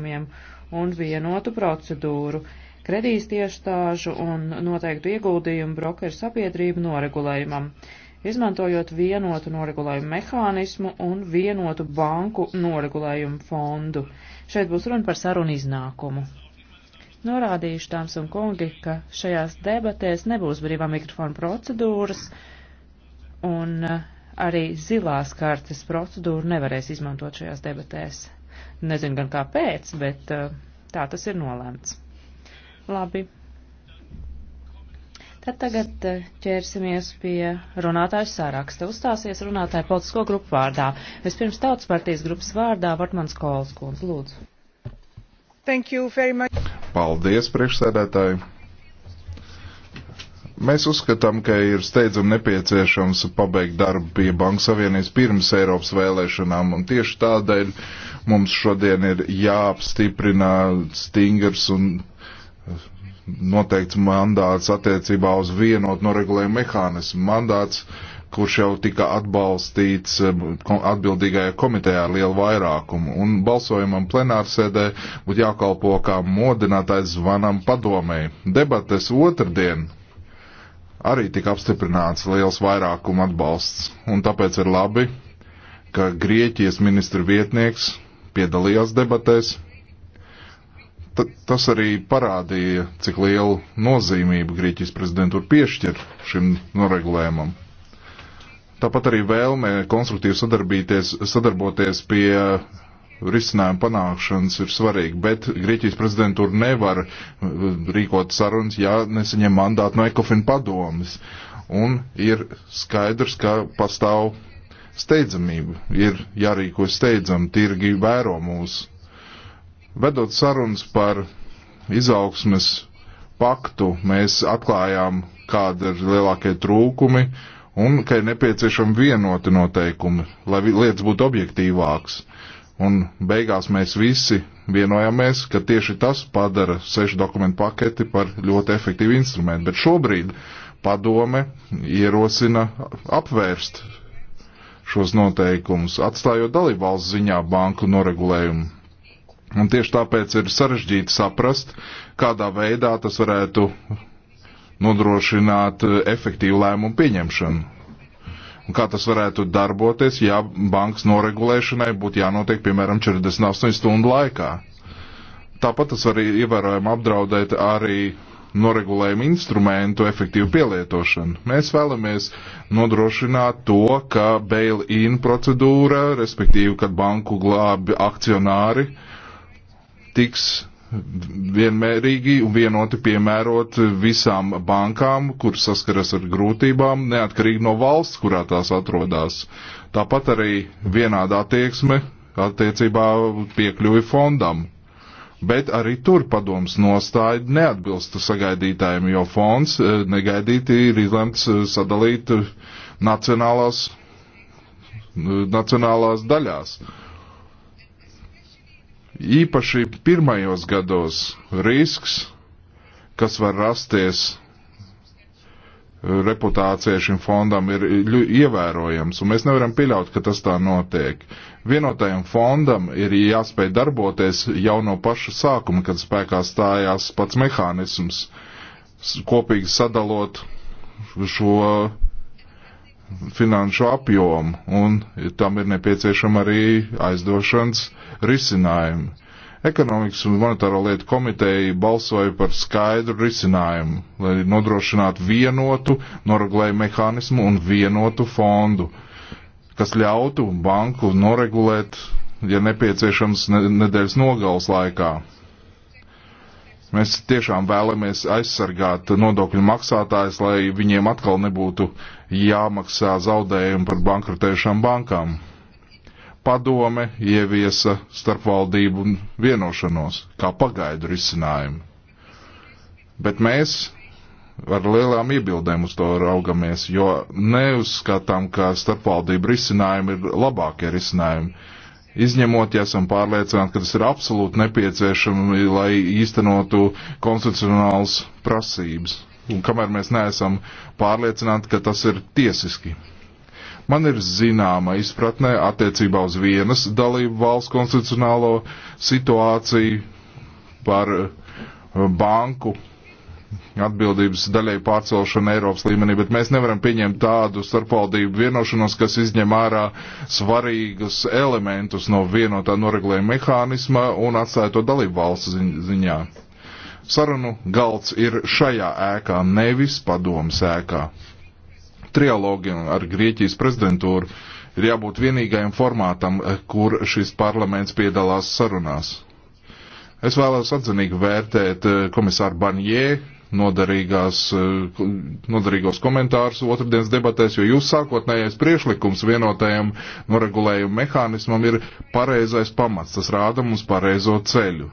noteikumiem un vienotu procedūru. Kredīstiestāžu un noteiktu ieguldījumu brokeru sabiedrību noregulējumam, izmantojot vienotu noregulējumu mehānismu un vienotu banku noregulējumu fondu. Šeit būs runa par sarunu iznākumu. Norādīšu tāms un kungi, ka šajās debatēs nebūs brīvā mikrofona procedūras un eh, arī zilās kartes procedūru nevarēs izmantot šajās debatēs. Nezinu gan kāpēc, bet uh, tā tas ir nolēmts. Labi. Tad tagad uh, ķersimies pie runātāju sāraksta. Uzstāsies runātāju politisko grupu vārdā. Vispirms tautas partijas grupas vārdā Vartmans Kols, kundz, lūdzu. Thank you very much. Paldies, priekšsēdētāji. Mēs uzskatām, ka ir steidzami nepieciešams pabeigt darbu pie Banka Savienības pirms Eiropas vēlēšanām, un tieši tādēļ Mums šodien ir jāapstiprina stingrs un eh, noteikts mandāts attiecībā uz vienotu noregulējumu mehānismu. Mandāts, kurš jau tika atbalstīts eh, atbildīgajā komitejā ar lielu vairākumu. Un balsojumam plenārsēdē būtu jākalpo kā modinātais zvanam padomēji. Debates otrdien arī tika apstiprināts liels vairākuma atbalsts. Un tāpēc ir labi, ka Grieķijas ministra vietnieks piedalījās debatēs. T tas arī parādīja, cik lielu nozīmību Grieķijas prezidentūra piešķir šim noregulējumam. Tāpat arī vēlme konstruktīvi sadarboties pie risinājuma panākšanas ir svarīga, bet Grieķijas prezidentūra nevar uh, rīkot sarunas, ja nesaņem mandātu no Ekofina padomas. Un ir skaidrs, ka pastāv steidzamību. Ir jārīkojas steidzam, tirgi vēro mūs. Vedot sarunas par izaugsmes paktu, mēs atklājām, kāda ir lielākie trūkumi un ka ir nepieciešami vienoti noteikumi, lai lietas būtu objektīvākas. Un beigās mēs visi vienojāmies, ka tieši tas padara sešu dokumentu paketi par ļoti efektīvu instrumentu. Bet šobrīd padome ierosina apvērst šos noteikumus, atstājot dalībvalsts ziņā banku noregulējumu. Un tieši tāpēc ir sarežģīti saprast, kādā veidā tas varētu nodrošināt eh, efektīvu lēmumu pieņemšanu. Un kā tas varētu darboties, ja bankas noregulēšanai būtu jānotiek, piemēram, 48 stundu laikā. Tāpat tas var ievērojami apdraudēt arī noregulējuma instrumentu efektīvu pielietošanu. Mēs vēlamies nodrošināt to, ka bail-in procedūra, respektīvi, kad banku glābi akcionāri, tiks vienmērīgi un vienoti piemērot visām bankām, kur saskaras ar grūtībām, neatkarīgi no valsts, kurā tās atrodas. Tāpat arī vienāda attieksme attiecībā piekļuvi fondam bet arī tur padoms nostāja neatbilstu sagaidītājiem, jo fonds eh, negaidīti ir izlemts eh, sadalīt eh, nacionālās, nacionālās daļās. Īpaši pirmajos gados risks, kas var rasties reputācija šim fondam ir ievērojams, un mēs nevaram pieļaut, ka tas tā notiek. Vienotajam fondam ir jāspēj darboties jau no paša sākuma, kad spēkā stājās pats mehānisms, kopīgi sadalot šo finanšu apjomu, un tam ir nepieciešama arī aizdošanas risinājumi Ekonomikas un monetāro lietu komiteja balsoja par skaidru risinājumu, lai nodrošinātu vienotu noregulēju mehānismu un vienotu fondu, kas ļautu banku noregulēt, ja nepieciešams, nedēļas nogals laikā. Mēs tiešām vēlamies aizsargāt nodokļu maksātājus, lai viņiem atkal nebūtu jāmaksā zaudējumi par bankrotējušām bankām padome ieviesa starpvaldību vienošanos kā pagaidu risinājumu. Bet mēs ar lielām iebildēm uz to raugamies, jo neuzskatām, ka starpvaldību risinājumi ir labākie risinājumi. Izņemot, ja esam pārliecināti, ka tas ir absolūti nepieciešami, lai īstenotu konstitucionāls prasības. Un kamēr mēs neesam pārliecināti, ka tas ir tiesiski. Man ir zināma izpratnē attiecībā uz vienas dalību valsts konstitucionālo situāciju par eh, banku atbildības daļai pārcelšanu Eiropas līmenī, bet mēs nevaram pieņemt tādu starpvaldību vienošanos, kas izņem ārā svarīgus elementus no vienotā noregulējuma mehānisma un atstāja to dalību valsts ziņā. Sarunu galds ir šajā ēkā, nevis padomas ēkā trialogiem ar Grieķijas prezidentūru ir jābūt vienīgajam formātam, eh, kur šis parlaments piedalās sarunās. Es vēlos atzinīgi vērtēt eh, komisāru Banjē nodarīgos eh, komentārus otrdienas debatēs, jo jūs sākotnējais priešlikums vienotajam noregulējumu mehānismam ir pareizais pamats. Tas rāda mums pareizo ceļu.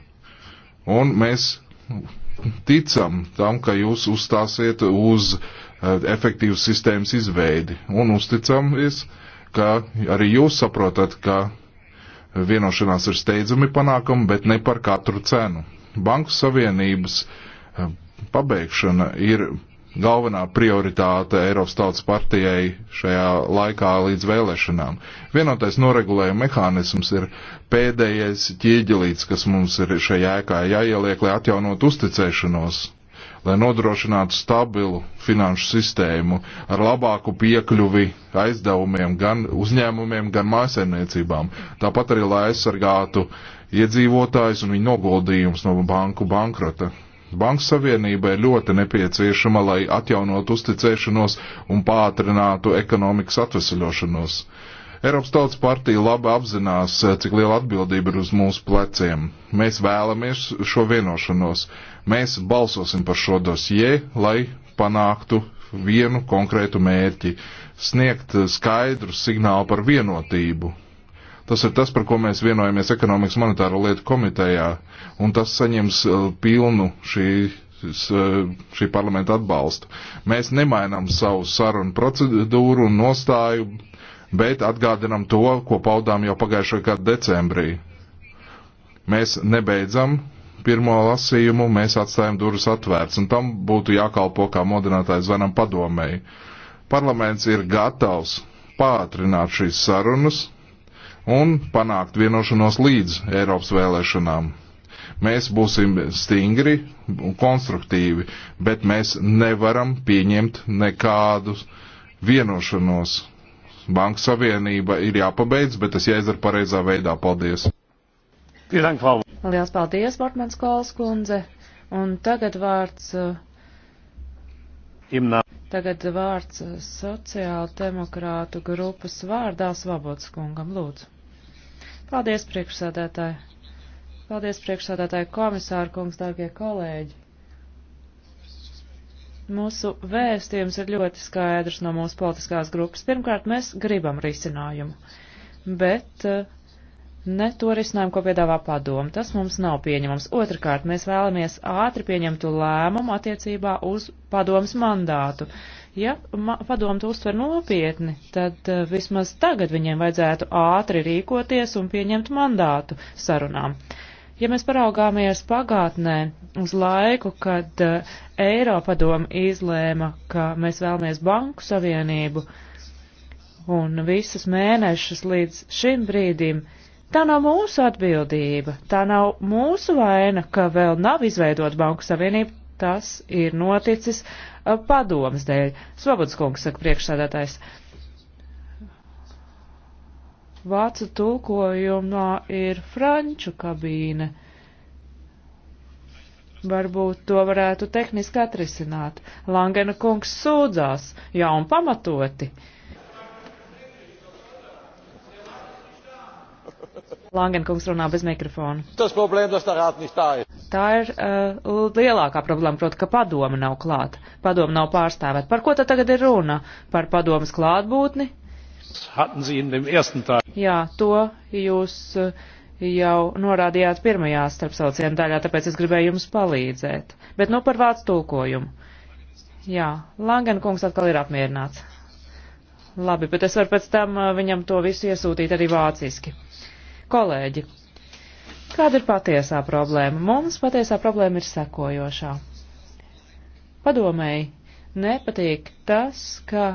Un mēs ticam tam, ka jūs uzstāsiet uz uh, Eh, efektīvas sistēmas izveidi un uzticamies, ka arī jūs saprotat, ka vienošanās ir steidzami panākama, bet ne par katru cenu. Banku savienības eh, pabeigšana ir galvenā prioritāte Eiropas tautas partijai šajā laikā līdz vēlēšanām. Vienotais noregulējuma mehānisms ir pēdējais ķieģelīts, kas mums ir šajā ēkā jāieliek, lai atjaunot uzticēšanos lai nodrošinātu stabilu finanšu sistēmu ar labāku piekļuvi aizdevumiem gan uzņēmumiem, gan mājasemniecībām. Tāpat arī, lai aizsargātu iedzīvotājs un viņu noguldījums no banku bankrota. Banka savienība ir ļoti nepieciešama, lai atjaunotu uzticēšanos un pātrinātu ekonomikas atvesaļošanos. Eiropas Tautas partija labi apzinās, eh, cik liela atbildība ir uz mūsu pleciem. Mēs vēlamies šo vienošanos. Mēs balsosim par šo dosie, lai panāktu vienu konkrētu mērķi - sniegt skaidru signālu par vienotību. Tas ir tas, par ko mēs vienojamies ekonomikas monetāro lietu komitejā, un tas saņems eh, pilnu šī eh, šī parlamenta atbalstu. Mēs nemainām savu sarunu procedūru un nostāju, bet atgādinam to, ko paudām jau pagājušajā gada decembrī. Mēs nebeidzam pirmo lasījumu, mēs atstājam durvis atvērts, un tam būtu jākalpo kā modinātājs zvanam padomēji. Parlaments ir gatavs pātrināt šīs sarunas un panākt vienošanos līdz Eiropas vēlēšanām. Mēs būsim stingri un konstruktīvi, bet mēs nevaram pieņemt nekādus vienošanos Banka savienība ir jāpabeidz, bet tas jāizdara pareizā veidā. Paldies! Lielas paldies, Bortmans Kols kundze! Un tagad vārds. Imnā. Tagad vārds sociāla demokrātu grupas vārdā Svabots kungam, lūdzu. Paldies, priekšsādētāji! Paldies, priekšsādātāji komisāri, kungs, dārgie kolēģi! Mūsu vēstījums ir ļoti skaidrs no mūsu politiskās grupas. Pirmkārt, mēs gribam risinājumu, bet eh, ne to risinājumu, ko piedāvā padomu. Tas mums nav pieņemams. Otrakārt, mēs vēlamies ātri pieņemtu lēmumu attiecībā uz padomas mandātu. Ja ma padomu to uztver nopietni, tad uh, vismaz tagad viņiem vajadzētu ātri rīkoties un pieņemt mandātu sarunām. Uh, Ja mēs paraugāmies pagātnē uz laiku, kad uh, eh, Eiropadoma izlēma, ka mēs vēlamies banku savienību un visus mēnešus līdz šim brīdim, tā nav mūsu atbildība, tā nav mūsu vaina, ka vēl nav izveidot banku savienību, tas ir noticis uh, padomas dēļ. Svobodskungs saka priekšsādātājs. Uh, vācu tulkojumā ir franču kabīne. Varbūt to varētu tehniski atrisināt. Langena kungs sūdzās, jā un pamatoti. Langenkungs runā bez mikrofona. Tas problēmas tā rāt nicht tā ir. Tā ir uh, lielākā problēma, proti, ka padoma nav klāt. Padoma nav pārstāvēt. Par ko tad tagad ir runa? Par padomas klātbūtni? Jā, to jūs uh, jau norādījāt pirmajā starpsauciena daļā, tāpēc es gribēju jums palīdzēt. Bet nu par vācu tulkojumu. Jā, Langen kungs atkal ir apmierināts. Labi, bet es varu pēc tam uh, viņam to visu iesūtīt arī vāciski. Kolēģi, kāda ir patiesā problēma? Mums patiesā problēma ir sekojošā. Padomēji, nepatīk tas, ka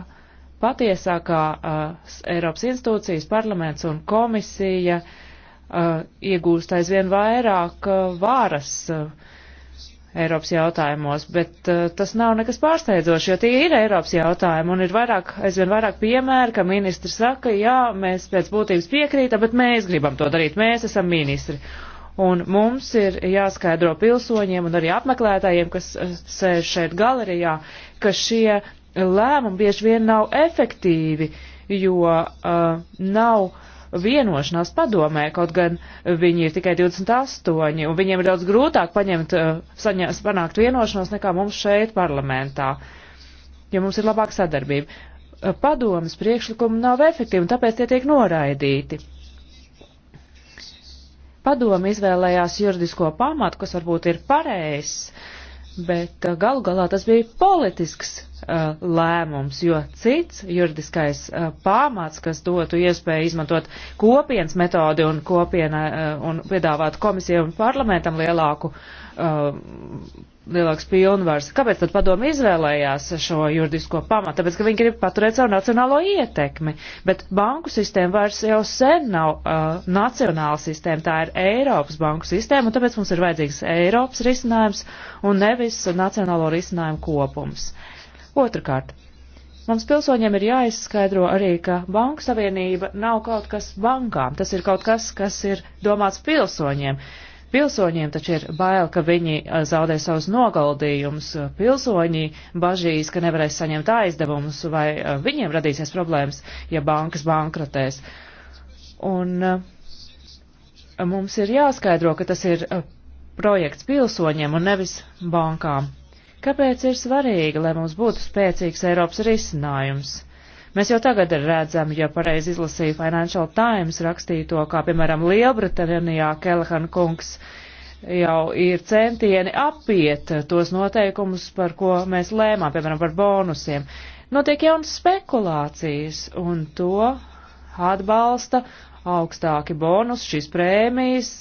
patiesākā uh, Eiropas institūcijas, parlaments un komisija uh, iegūst aizvien vairāk uh, vāras uh, Eiropas jautājumos, bet uh, tas nav nekas pārsteidzošs, jo tie ir Eiropas jautājumi un ir vairāk, aizvien vairāk piemēru, ka ministri saka, jā, mēs pēc būtības piekrītam, bet mēs gribam to darīt, mēs esam ministri. Un mums ir jāskaidro pilsoņiem un arī apmeklētājiem, kas uh, sēž šeit galerijā, ka šie lēmumi bieži vien nav efektīvi, jo uh, nav vienošanās padomē, kaut gan viņi ir tikai 28, un viņiem ir daudz grūtāk paņemt, uh, saņem, panākt vienošanos nekā mums šeit parlamentā, ja mums ir labāka sadarbība. Uh, padomas priekšlikumi nav efektīvi, un tāpēc tie tiek noraidīti. Padoma izvēlējās juridisko pamatu, kas varbūt ir pareizs, uh, bet uh, galu galā tas bija politisks uh, lēmums, jo cits juridiskais uh, pamats, kas dotu iespēju izmantot kopienas metodi un kopiena uh, un piedāvāt komisijai un parlamentam lielāku uh, lielāks pilnvars. Kāpēc tad padomu izvēlējās šo juridisko pamatu? Tāpēc, ka viņi grib paturēt savu nacionālo ietekmi, bet banku sistēma vairs jau sen nav uh, nacionāla sistēma, tā ir Eiropas banku sistēma, un tāpēc mums ir vajadzīgs Eiropas risinājums un nevis nacionālo risinājumu kopums. Otrakārt. Mums pilsoņiem ir jāizskaidro arī, ka banku savienība nav kaut kas bankām, tas ir kaut kas, kas ir domāts pilsoņiem. Uh, Pilsoņiem taču ir bail, ka viņi eh, zaudē savus nogaldījumus. Pilsoņi bažīs, ka nevarēs saņemt aizdevumus vai eh, viņiem radīsies problēmas, ja bankas bankrotēs. Un eh, mums ir jāskaidro, ka tas ir projekts pilsoņiem un nevis bankām. Kāpēc ir svarīgi, lai mums būtu spēcīgs Eiropas risinājums? Mēs jau tagad redzam, ja pareizi izlasīju Financial Times rakstīto, kā piemēram Lielbritānijā Kelehan kungs jau ir centieni apiet tos noteikumus, par ko mēs lēmām, piemēram par bonusiem. Notiek jaunas spekulācijas un to atbalsta augstāki bonus, šīs prēmijas.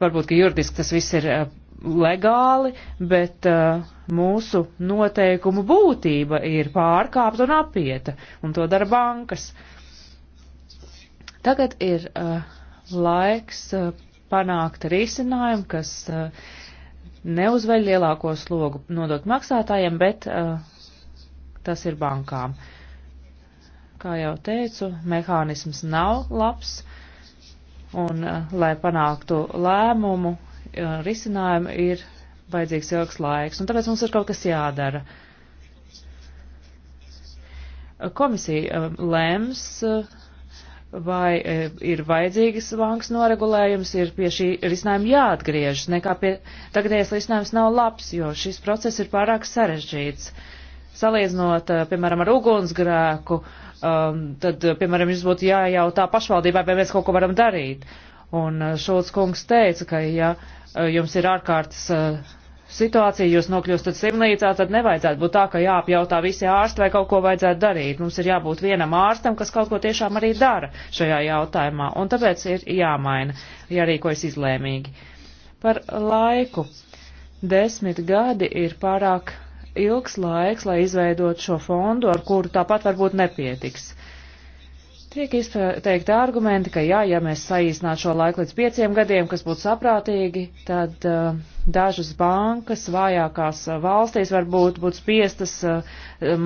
Varbūt, ka juridiski tas viss ir legāli, bet uh, mūsu noteikumu būtība ir pārkāpta un apieta, un to dara bankas. Tagad ir uh, laiks uh, panākt risinājumu, kas uh, neuzveļ lielāko slogu nodokļu maksātājiem, bet uh, tas ir bankām. Kā jau teicu, mehānisms nav labs, un, uh, lai panāktu lēmumu, Uh, risinājumu ir vajadzīgs ilgs laiks, un tāpēc mums ir kaut kas jādara. Komisija um, lems, uh, vai uh, ir vajadzīgs bankas noregulējums, ir pie šī risinājuma jāatgriežas, nekā pie tagadējais risinājums nav labs, jo šis process ir pārāk sarežģīts. Salīdzinot, piemēram, ar ugunsgrēku, um, tad, piemēram, jums būtu jājautā pašvaldībai, vai mēs kaut ko varam darīt. Un Šulc kungs teica, ka, ja Eh, jums ir ārkārtas eh, situācija, jūs nokļūstat slimnīcā, tad nevajadzētu būt tā, ka jāapjautā visi ārsti vai kaut ko vajadzētu darīt. Mums ir jābūt vienam ārstam, kas kaut ko tiešām arī dara šajā jautājumā, un tāpēc ir jāmaina, jārīkojas izlēmīgi. Par laiku. Desmit gadi ir pārāk ilgs laiks, lai izveidot šo fondu, ar kuru tāpat varbūt nepietiks. Uh, Tiek izteikti argumenti, ka jā, ja mēs saīsinātu šo laiku līdz pieciem gadiem, kas būtu saprātīgi, tad uh, dažas bankas vājākās uh, valstīs varbūt būtu spiestas uh,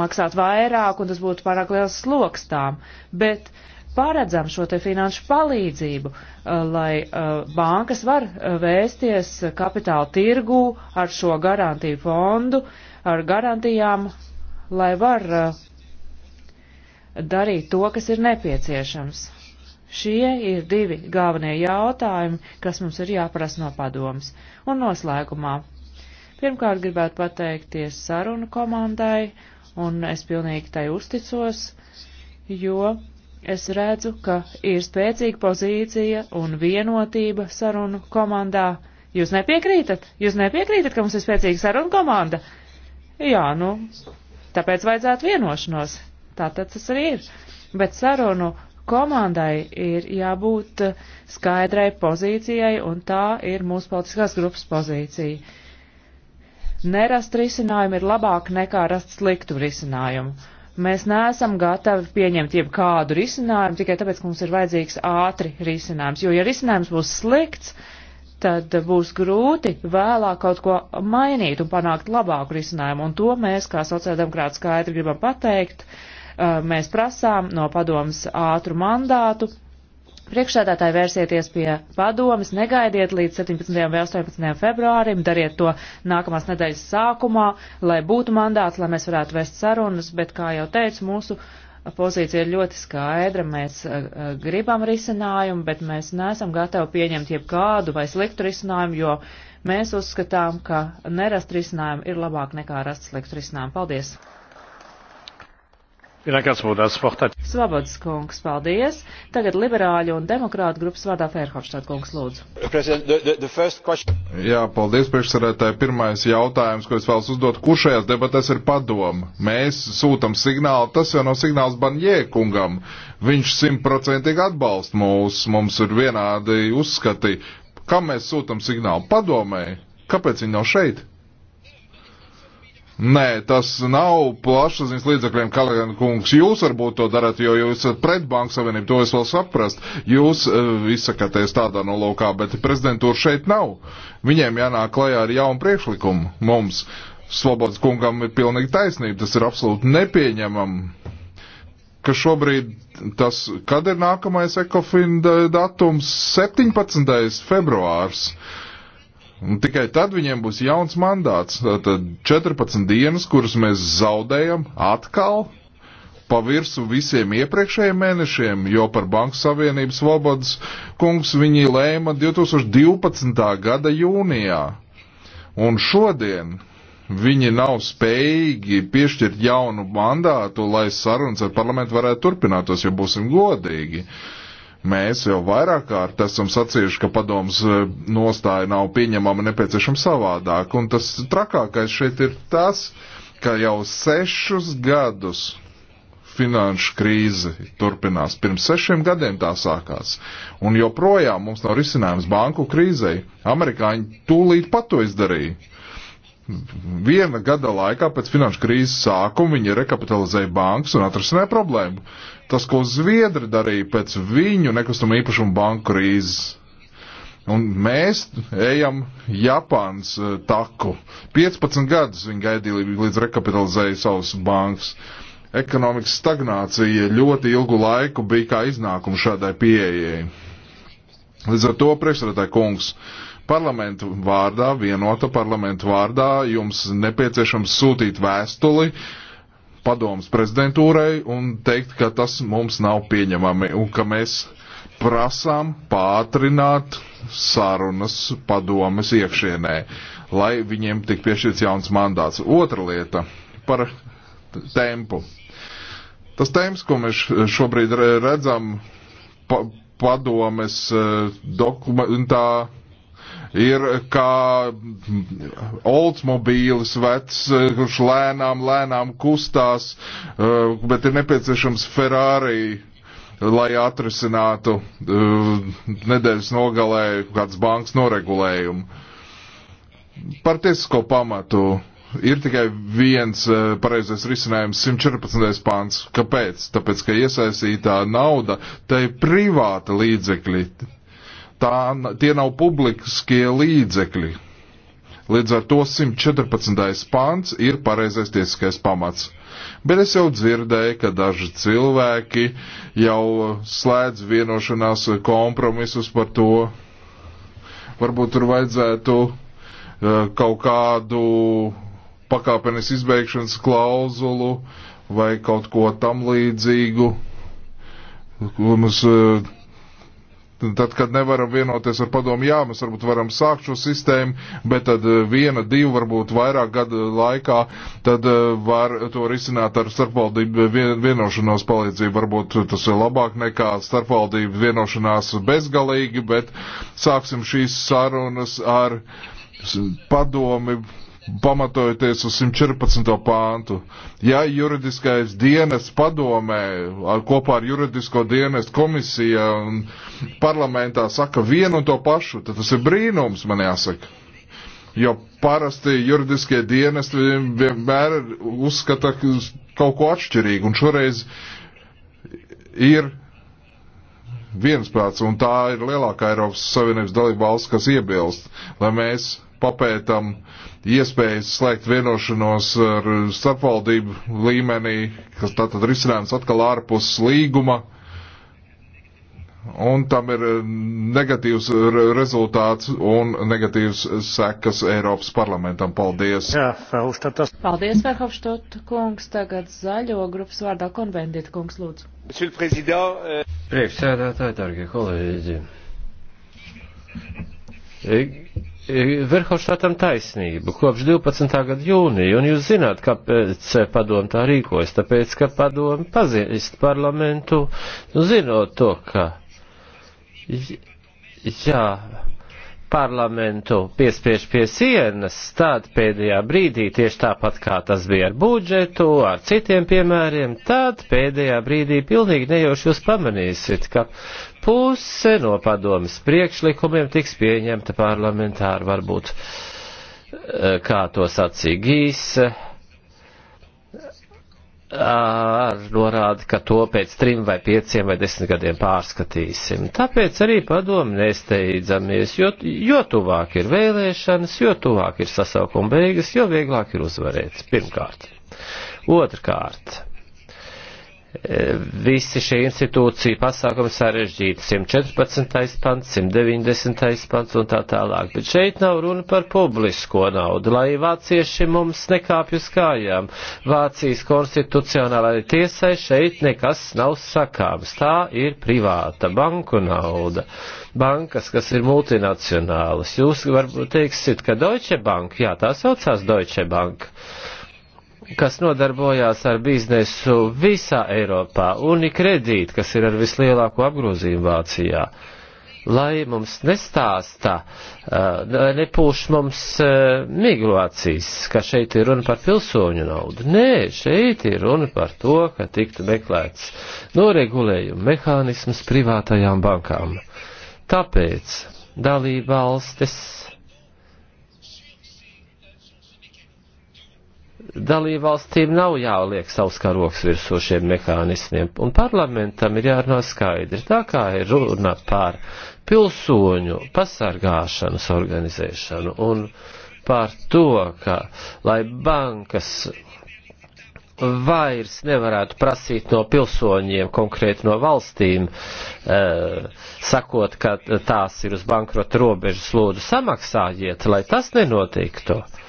maksāt vairāk, un tas būtu pārāk liels sloks tām. Bet paredzam šo te finanšu palīdzību, uh, lai uh, bankas var uh, vēsties kapitāla tirgū ar šo garantiju fondu, ar garantijām, lai var uh, darīt to, kas ir nepieciešams. Šie ir divi galvenie jautājumi, kas mums ir jāprasa no padomas. Un noslēgumā. Pirmkārt, gribētu pateikties sarunu komandai, un es pilnīgi tai uzticos, jo es redzu, ka ir spēcīga pozīcija un vienotība sarunu komandā. Jūs nepiekrītat? Jūs nepiekrītat, ka mums ir spēcīga sarunu komanda? Jā, nu, tāpēc vajadzētu vienošanos. Tātad tas arī ir. Bet sarunu komandai ir jābūt skaidrai pozīcijai, un tā ir mūsu politiskās grupas pozīcija. Nerast risinājumu ir labāk nekā rast sliktu risinājumu. Mēs neesam gatavi pieņemt jebkādu risinājumu tikai tāpēc, ka mums ir vajadzīgs ātri risinājums, jo ja risinājums būs slikts, tad būs grūti vēlāk kaut ko mainīt un panākt labāku risinājumu, un to mēs, kā sociāldemokrāti, skaidri gribam pateikt. Uh, Uh, mēs prasām no padomas ātru mandātu. Priekšsēdētāji vērsieties pie padomas, negaidiet līdz 17. vai 18. februārim, dariet to nākamās nedēļas sākumā, lai būtu mandāts, lai mēs varētu vest sarunas, bet, kā jau teicu, mūsu pozīcija ir ļoti skaidra, mēs uh, uh, gribam risinājumu, bet mēs neesam gatavi pieņemt jebkādu vai sliktu risinājumu, jo mēs uzskatām, ka nerast risinājumu ir labāk nekā rast sliktu risinājumu. Paldies! Svabods kungs, paldies. Tagad liberāļu un demokrātu grupas vārdā Fērhofštāt kungs lūdzu. Jā, paldies priekšsarētāji. Pirmais jautājums, ko es vēlos uzdot, kurš šajās debatēs ir padoma? Mēs sūtam signālu, tas jau nav no signāls Banjē kungam. Viņš simtprocentīgi atbalsta mūs, mums ir vienādi uzskati. Kam mēs sūtam signālu? Padomēji. Kāpēc viņi nav šeit? Nē, tas nav plašsaziņas līdzakļiem, Kalagan kungs. Jūs varbūt to darat, jo jūs esat pret Banku Savienību, to es vēl saprast. Jūs uh, izsakaties tādā nolūkā, bet prezidentūra šeit nav. Viņiem jānāk klajā ar jaunu priekšlikumu mums. Slobods kungam ir pilnīgi taisnība, tas ir absolūti nepieņemam, ka šobrīd tas, kad ir nākamais ekofin datums, 17. februārs. Uh, Un tikai tad viņiem būs jauns mandāts. Tad 14 dienas, kuras mēs zaudējam atkal pa virsu visiem iepriekšējiem mēnešiem, jo par Banku Savienības Vobodas kungs viņi lēma 2012. gada jūnijā. Un šodien viņi nav spējīgi piešķirt jaunu mandātu, lai sarunas ar parlamentu varētu turpinātos, jo būsim godīgi. Uh, Mēs jau vairāk kārt esam sacījuši, ka padomas e, nostāja nav pieņemama nepieciešama savādāk. Un tas trakākais šeit ir tas, ka jau sešus gadus finanšu krīze turpinās. Pirms sešiem gadiem tā sākās. Un joprojām mums nav risinājums banku krīzei. Amerikāņi tūlīt pat to izdarīja. Viena gada laikā pēc finanšu krīzes sākuma viņi rekapitalizēja bankas un atrasināja problēmu tas, ko Zviedri darīja pēc viņu nekustamo īpašumu banku krīzes. Un mēs ejam Japāns eh, taku. 15 gadus viņi gaidīja līdz rekapitalizēja savus bankas. Ekonomikas stagnācija ļoti ilgu laiku bija kā iznākums šādai pieejai. Līdz ar to priekšsēdētāji kungs, parlamentu vārdā, vienota parlamentu vārdā, jums nepieciešams sūtīt vēstuli, uh, padomas prezidentūrai un teikt, ka tas mums nav pieņemami un ka mēs prasām pātrināt sarunas padomas iekšienē, lai viņiem tik piešķirts jauns mandāts. Otra lieta par tempu. Tas temps, ko mēs šobrīd redzam pa, padomes eh, dokumentā, ir kā oldsmobīlis vecs, kurš lēnām, lēnām kustās, eh, bet ir nepieciešams Ferrari, lai atrisinātu eh, nedēļas nogalē kāds bankas noregulējumu. Par tiesisko pamatu ir tikai viens eh, pareizais risinājums - 114. pāns. Kāpēc? Tāpēc, ka iesaistītā nauda, tai privāta līdzekļi tā, tie nav publiskie līdzekļi. Līdz ar to 114. pāns ir pareizais tiesiskais pamats. Bet es jau dzirdēju, ka daži cilvēki jau slēdz vienošanās kompromisus par to. Varbūt tur vajadzētu uh, kaut kādu pakāpenes izbeigšanas klauzulu vai kaut ko tam līdzīgu. Mums, uh, Tad, kad nevaram vienoties ar padomu, jā, mēs varbūt varam sākt šo sistēmu, bet tad eh, viena, divi, varbūt vairāk gadu laikā, tad eh, var to risināt ar starpvaldību vienošanos palīdzību. Varbūt tas ir labāk nekā starpvaldību vienošanās bezgalīgi, bet sāksim šīs sarunas ar padomi pamatojoties uz 114. pāntu. Ja juridiskais dienas padomē ar, kopā ar juridisko dienas komisiju un parlamentā saka vienu un to pašu, tad tas ir brīnums, man jāsaka. Jo parasti juridiskie dienesti vienmēr uzskata kaut ko atšķirīgu, un šoreiz ir viensprāts, un tā ir lielākā Eiropas Savienības dalība valsts, kas iebilst, lai mēs papētam uh, iespējas slēgt vienošanos ar starpvaldību līmenī, kas tātad risinājums atkal ārpus līguma. Un tam ir eh, negatīvs rezultāts un negatīvs sekas Eiropas parlamentam. Paldies! Jā, Ferhofštatas. Paldies, Ferhofštat kungs. Tagad zaļo grupas vārdā konvendīt kungs lūdzu. Euh, Priekšsēdētāji, dārgie kolēģi. Verhofstadtam taisnību kopš 12. gada jūnija, un jūs zināt, kāpēc padomu tā rīkojas, tāpēc, ka padomu pazīst parlamentu, nu, zinot to, ka, jā, parlamentu piespiež pie sienas, tad pēdējā brīdī, tieši tāpat kā tas bija ar budžetu, ar citiem piemēriem, tad pēdējā brīdī pilnīgi nejauši jūs pamanīsiet, ka puse no padomas priekšlikumiem tiks pieņemta parlamentāri, varbūt, eh, kā to sacīja Gīs, ar norādi, ka to pēc trim vai pieciem vai desmit gadiem pārskatīsim. Tāpēc arī padomu nesteidzamies, jo, jo tuvāk ir vēlēšanas, jo tuvāk ir sasaukuma beigas, jo vieglāk ir uzvarēt. Pirmkārt. Otrkārt visi šie institūcija pasākumi sarežģīti. 114. pants, 190. pants un tā tālāk. Bet šeit nav runa par publisko naudu, lai vācieši mums nekāpj uz kājām. Vācijas konstitucionālai tiesai šeit nekas nav sakāms. Tā ir privāta banku nauda. Bankas, kas ir multinacionālas. Jūs varbūt teiksiet, ka Deutsche Bank, jā, tā saucās Deutsche Bank kas nodarbojās ar biznesu visā Eiropā, Unikredīt, kas ir ar vislielāko apgrozījumu Vācijā, lai mums nestāsta, eh, nepūš mums eh, migrācijas, ka šeit ir runa par pilsoņu naudu. Nē, šeit ir runa par to, ka tiktu meklēts noregulējuma mehānisms privātajām bankām. Tāpēc dalība valstis dalībvalstīm nav jāliek savs karoks virsū šiem mehānismiem, un parlamentam ir jārunā skaidri. Tā kā ir runa par pilsoņu pasargāšanas organizēšanu un par to, ka lai bankas vairs nevarētu prasīt no pilsoņiem, konkrēti no valstīm, eh, sakot, ka tās ir uz bankrota robežas, lūdzu samaksājiet, lai tas nenotiktu. Eh,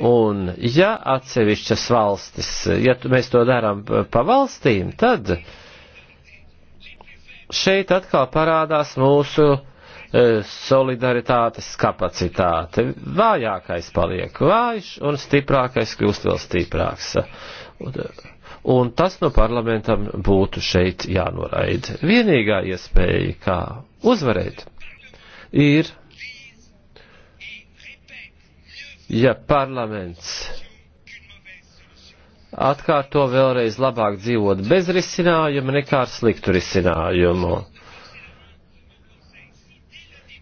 Un ja atsevišķas valstis, ja mēs to darām pa valstīm, tad šeit atkal parādās mūsu e, solidaritātes kapacitāte. Vājākais paliek vājš un stiprākais kļūst vēl stiprāks. Un, un tas no parlamentam būtu šeit jānoraida. Vienīgā iespēja, kā uzvarēt, ir ja parlaments atkārto vēlreiz labāk dzīvot bez risinājuma nekā ar sliktu risinājumu.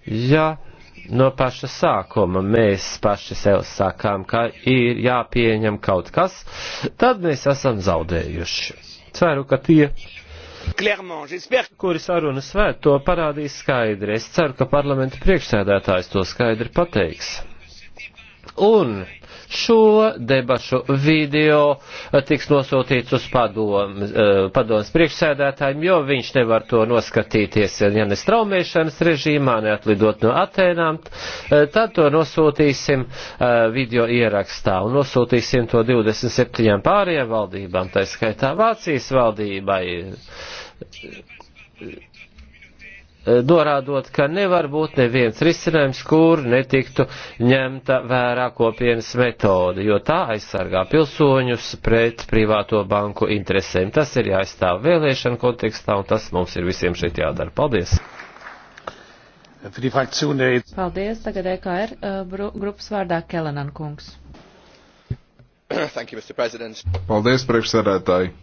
Ja no paša sākuma mēs paši sev sakām, ka ir jāpieņem kaut kas, tad mēs esam zaudējuši. Ceru, ka tie, kuri sarunas vēt, to parādīs skaidri. Es ceru, ka parlamenta priekšsēdētājs to skaidri pateiks. Un šo debašu video eh, tiks nosūtīts uz padomu, eh, padomas priekšsēdētājiem, jo viņš nevar to noskatīties, ja ne straumēšanas režīmā, ne atlidot no Atēnām, eh, tad to nosūtīsim video ierakstā un nosūtīsim to 27 pārējām valdībām, tā skaitā Vācijas valdībai norādot, ka nevar būt neviens risinājums, kur netiktu ņemta vērā kopienas metode, jo tā aizsargā pilsoņus pret privāto banku interesēm. Tas ir jāizstāv vēlēšana kontekstā, un tas mums ir visiem šeit jādara. Paldies! E Paldies, tagad EKR uh, grupas vārdā Kelenan kungs. You, Paldies, priekšsēdētāji!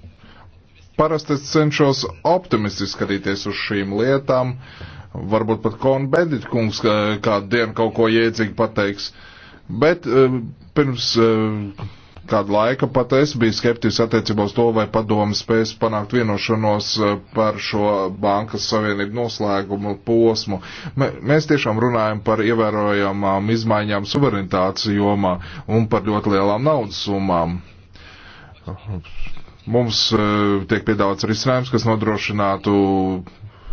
parasti es cenšos optimistiski skatīties uz šīm lietām. Varbūt pat Konbendit kungs kādu dienu kaut ko jēdzīgi pateiks. Bet eh, pirms eh, kādu laiku pat es biju skeptisks attiecībā uz to, vai padomu spēs panākt vienošanos eh, par šo bankas savienību noslēgumu posmu. Mēs tiešām runājam par ievērojamām izmaiņām suverenitātes jomā un par ļoti lielām naudas summām. Mums e, tiek piedāvāts risinājums, kas nodrošinātu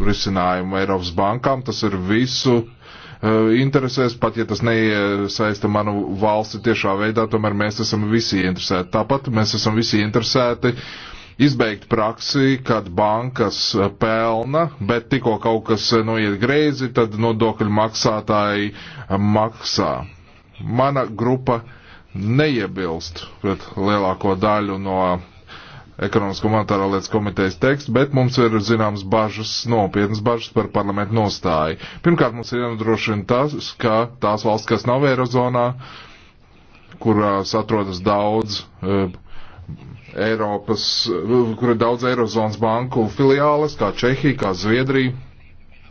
risinājumu Eiropas bankām. Tas ir visu e, interesēs, pat ja tas neiesaista manu valsti tiešā veidā, tomēr mēs esam visi interesēti. Tāpat mēs esam visi interesēti izbeigt praksi, kad bankas pelna, bet tikko kaut kas noiet greizi, tad nodokļu maksātāji maksā. Mana grupa neiebilst pret lielāko daļu no ekonomisko monetāro lietas komitejas tekstu, bet mums ir zināms bažas, nopietnas bažas par parlamentu nostāju. Pirmkārt, mums ir jānodrošina tas, ka tās valsts, kas nav Eirozonā, kurās atrodas daudz uh, Eiropas, uh, kur ir daudz Eirozonas banku filiāles, kā Čehija, kā Zviedrija,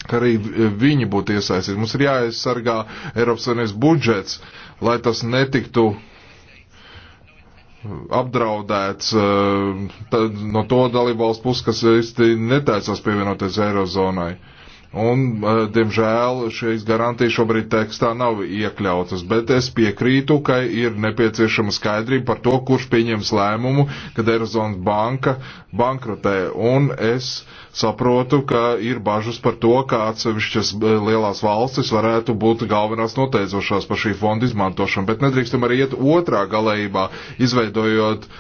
ka arī viņi būtu iesaistīti. Mums ir jāaizsargā Eiropas Savienības budžets, lai tas netiktu apdraudēts eh, no to dalībvalstu puses, kas īsti netaisās pievienoties Eirozonai. Un, eh, diemžēl, šīs garantijas šobrīd tekstā nav iekļautas, bet es piekrītu, ka ir nepieciešama skaidrība par to, kurš pieņems lēmumu, kad Eirozonas banka bankrotē. Un es uh, Saprotu, ka ir bažas par to, ka atsevišķas eh, lielās valstis varētu būt galvenās noteicošās par šī fonda izmantošanu, bet nedrīkstam arī iet otrā galējībā, izveidojot eh,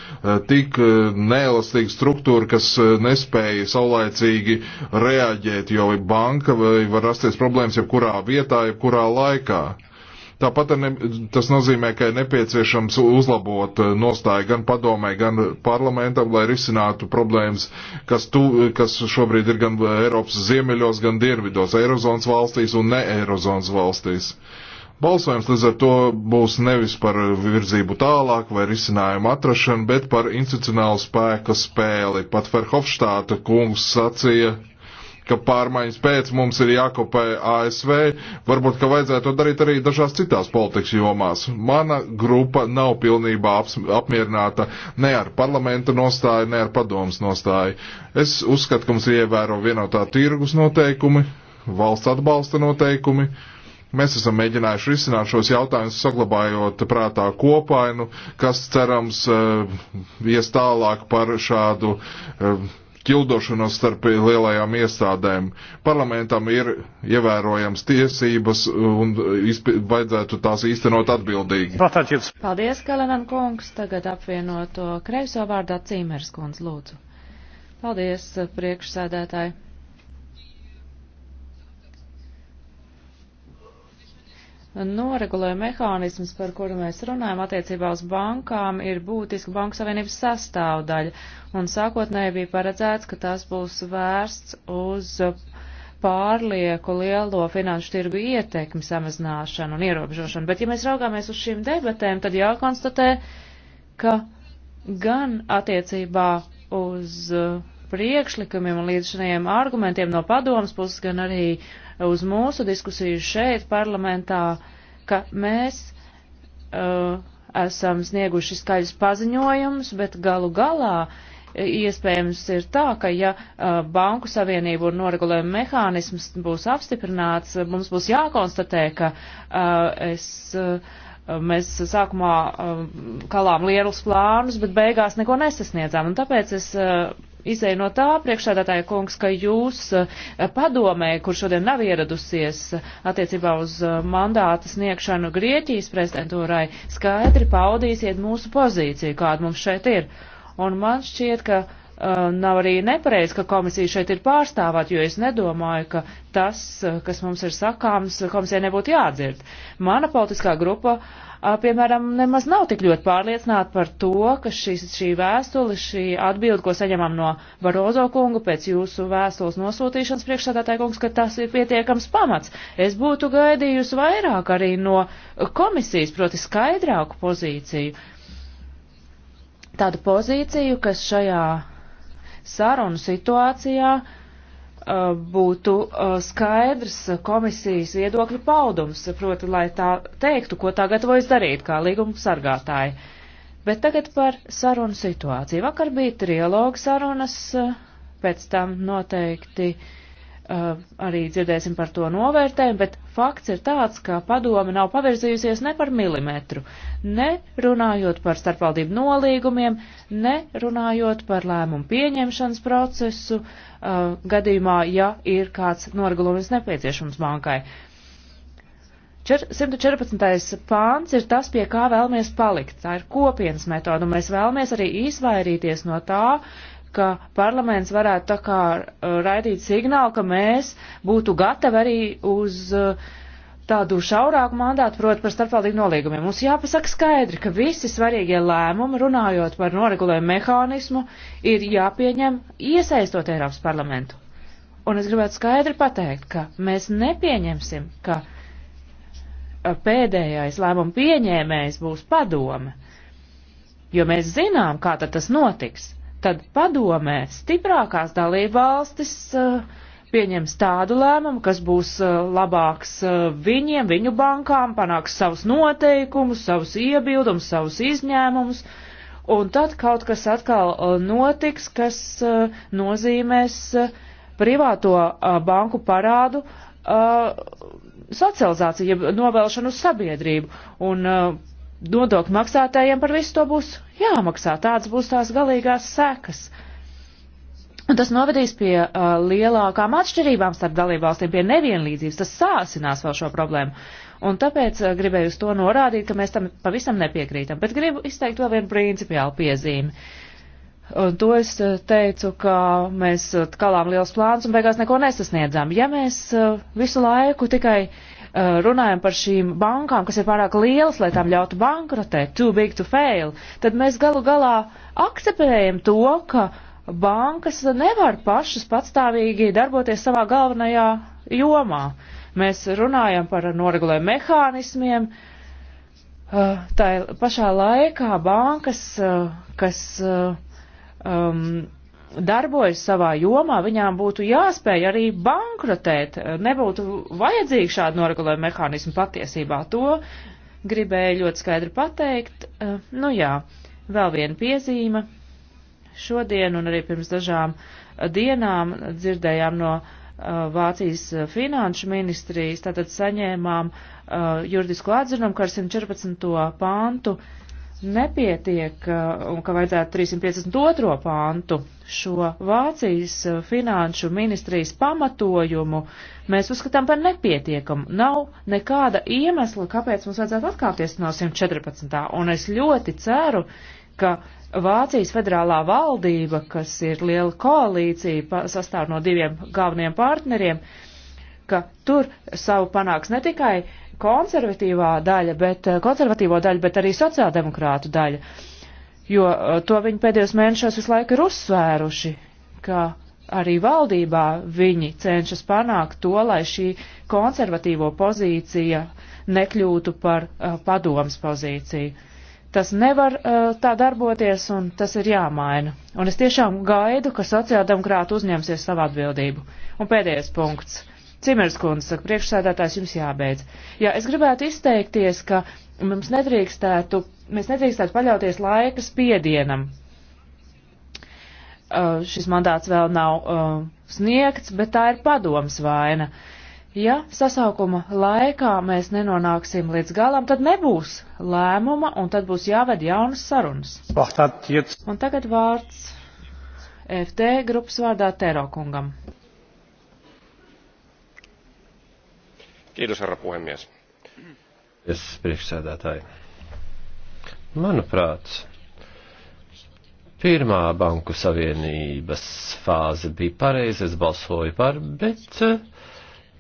tik eh, neelastīgu struktūru, kas nespēja saulaicīgi reaģēt, jo banka var rasties problēmas jebkurā vietā, jebkurā laikā. Tāpat ne, tas nozīmē, ka ir nepieciešams uzlabot eh, nostāju gan padomē, gan parlamentam, lai risinātu problēmas, kas, tu, kas šobrīd ir gan Eiropas ziemeļos, gan dienvidos, Eirozonas valstīs un ne Eirozonas valstīs. Balsojums līdz ar to būs nevis par virzību tālāk vai risinājumu atrašanu, bet par institucionālu spēku spēli. Pat Ferhofštāta kungs sacīja, ka pārmaiņas pēc mums ir jākopē ASV, varbūt, ka vajadzētu to darīt arī dažās citās politikas jomās. Mana grupa nav pilnībā aps, apmierināta ne ar parlamenta nostāju, ne ar padomas nostāju. Es uzskatu, ka mums ir ievēro vienotā tirgus noteikumi, valsts atbalsta noteikumi. Mēs esam mēģinājuši risināt šos jautājumus, saglabājot prātā kopainu, kas cerams eh, ies tālāk par šādu uh, ķildošanos starp lielajām iestādēm. Parlamentam ir ievērojams tiesības un vajadzētu tās īstenot atbildīgi. Paldies, Kalenan kungs. Tagad apvienoto kreiso vārdā Cīmers kungs lūdzu. Paldies, priekšsēdētāji. noregulējuma mehānisms, par kuru mēs runājam attiecībā uz bankām, ir būtiski Banku Savienības sastāvdaļa, un sākotnēji bija paredzēts, ka tas būs vērsts uz pārlieku lielo finanšu tirgu ietekmi samazināšanu un ierobežošanu. Bet, ja mēs raugāmies uz šīm debatēm, tad jākonstatē, ka gan attiecībā uz priekšlikumiem un līdz šiem argumentiem no padomas puses, gan arī uh, uz mūsu diskusiju šeit parlamentā, ka mēs uh, esam snieguši skaļus paziņojumus, bet galu galā e, iespējams ir tā, ka ja uh, banku savienību un noregulējumu mehānisms būs apstiprināts, mums būs jākonstatē, ka uh, es. Uh, mēs sākumā um, kalām lielus plānus, bet beigās neko nesasniedzām. Un tāpēc es uh, izēju no tā, priekšsēdētāja kungs, ka jūs eh, padomē, kur šodien nav ieradusies eh, attiecībā uz eh, mandāta sniegšanu Grieķijas prezidentūrai, skaidri paudīsiet mūsu pozīciju, kāda mums šeit ir. Un man šķiet, ka uh, nav arī nepareizi, ka komisija šeit ir pārstāvāt, jo es nedomāju, ka tas, kas mums ir sakāms, komisijai nebūtu jādzird. Mana politiskā grupa uh, piemēram, nemaz nav tik ļoti pārliecināti par to, ka šis, šī vēstule, šī atbilde, ko saņemam no Barozo kungu pēc jūsu vēstules nosūtīšanas priekšsādātāja kungs, ka tas ir pietiekams pamats. Es būtu gaidījusi vairāk arī no komisijas, proti skaidrāku pozīciju. Tādu pozīciju, kas šajā sarunu situācijā uh, Uh, būtu uh, skaidrs komisijas viedokļu paudums, proti, lai tā teiktu, ko tā gatavojas darīt kā līguma sargātāji. Bet tagad par sarunu situāciju. Vakar bija trialoga sarunas, uh, pēc tam noteikti uh, arī dzirdēsim par to novērtējumu, bet fakts ir tāds, ka padome nav pavirzījusies ne par milimetru, ne runājot par starpvaldību nolīgumiem, ne runājot par lēmumu pieņemšanas procesu, uh, uh, gadījumā, ja ir kāds noregulējums nepieciešams bankai. 114. pāns ir tas, pie kā vēlamies palikt. Tā ir kopienas metoda, un mēs vēlamies arī izvairīties no tā, ka parlaments varētu tā kā uh, raidīt signālu, ka mēs būtu gatavi arī uz uh, tādu šaurāku mandātu, proti par starpvaldību nolīgumiem. Mums jāpasaka skaidri, ka visi svarīgie lēmumi, runājot par noregulējumu mehānismu, ir jāpieņem iesaistot Eiropas parlamentu. Un es gribētu skaidri pateikt, ka mēs nepieņemsim, ka pēdējais lēmumu pieņēmējs būs padome, jo mēs zinām, kā tad tas notiks. Tad padomē stiprākās dalība valstis uh, pieņems tādu lēmumu, kas būs uh, labāks uh, viņiem, viņu bankām, panāks savus noteikumus, savus iebildumus, savus izņēmumus, un tad kaut kas atkal uh, notiks, kas nozīmēs privāto banku parādu socializāciju, jeb novēlšanu uz sabiedrību. Un, Nodokļu maksātājiem par visu to būs jāmaksā. Tāds būs tās galīgās sekas. Uh, Un tas novedīs pie uh, lielākām atšķirībām starp dalībvalstīm, pie nevienlīdzības. Tas sāsinās vēl šo problēmu. Un tāpēc uh, gribēju uz to norādīt, ka mēs tam pavisam nepiekrītam. Bet gribu izteikt vēl vienu principiālu piezīmi. Un to es uh, teicu, ka mēs uh, kalām liels plāns un beigās neko nesasniedzām. Ja mēs uh, visu laiku tikai uh, runājam par šīm bankām, kas ir pārāk lielas, lai tām ļautu bankrotēt, too big to fail, tad mēs galu galā akceptējam to, ka uh, bankas nevar pašas patstāvīgi darboties savā galvenajā jomā. Mēs runājam par noregulējumu mehānismiem, uh, tā pašā laikā bankas, uh, kas uh, um, darbojas savā jomā, viņām būtu jāspēj arī bankrotēt. Nebūtu vajadzīgi šādu noregulējumu mehānismu patiesībā. To gribēju ļoti skaidri pateikt. Nu jā, vēl viena piezīme. Šodien un arī pirms dažām dienām dzirdējām no uh, Vācijas uh, finanšu ministrijas, tātad saņēmām uh, juridisko atzinumu, ka ar 114. pāntu nepietiek un ka vajadzētu 352. pāntu šo Vācijas finanšu ministrijas pamatojumu mēs uzskatām par nepietiekamu. Nav nekāda iemesla, kāpēc mums vajadzētu atkāpties no 114. Un es ļoti ceru, ka Vācijas federālā valdība, kas ir liela koalīcija, sastāv no diviem galveniem partneriem, ka tur savu panāks ne tikai konservatīvā daļa, bet eh, konservatīvo daļu, bet arī sociāldemokrātu daļa. Jo eh, to viņi pēdējos mēnešos visu laiku ir uzsvēruši, ka arī valdībā viņi cenšas panākt to, lai šī konservatīvo pozīcija nekļūtu par uh, padomas pozīciju. Tas nevar uh, tā darboties, un tas ir jāmaina. Un es tiešām gaidu, ka sociāldemokrāti uzņemsies savu atbildību. Un pēdējais punkts. Cimers kundze saka, priekšsēdētājs jums jābeidz. Jā, es gribētu izteikties, ka mums nedrīkstētu, mēs nedrīkstētu paļauties laika spiedienam. Uh, šis mandāts vēl nav uh, sniegts, bet tā ir padoms vaina. Uh, Ja sasaukuma laikā mēs nenonāksim līdz galam, tad nebūs lēmuma un tad būs jāved jaunas sarunas. Un tagad vārds FT grupas vārdā Terokungam. Kiitos, herra puhemies. Es priekšsēdētāji. Manuprāt, pirmā banku savienības fāze bija pareiza, es balsoju par, bet uh,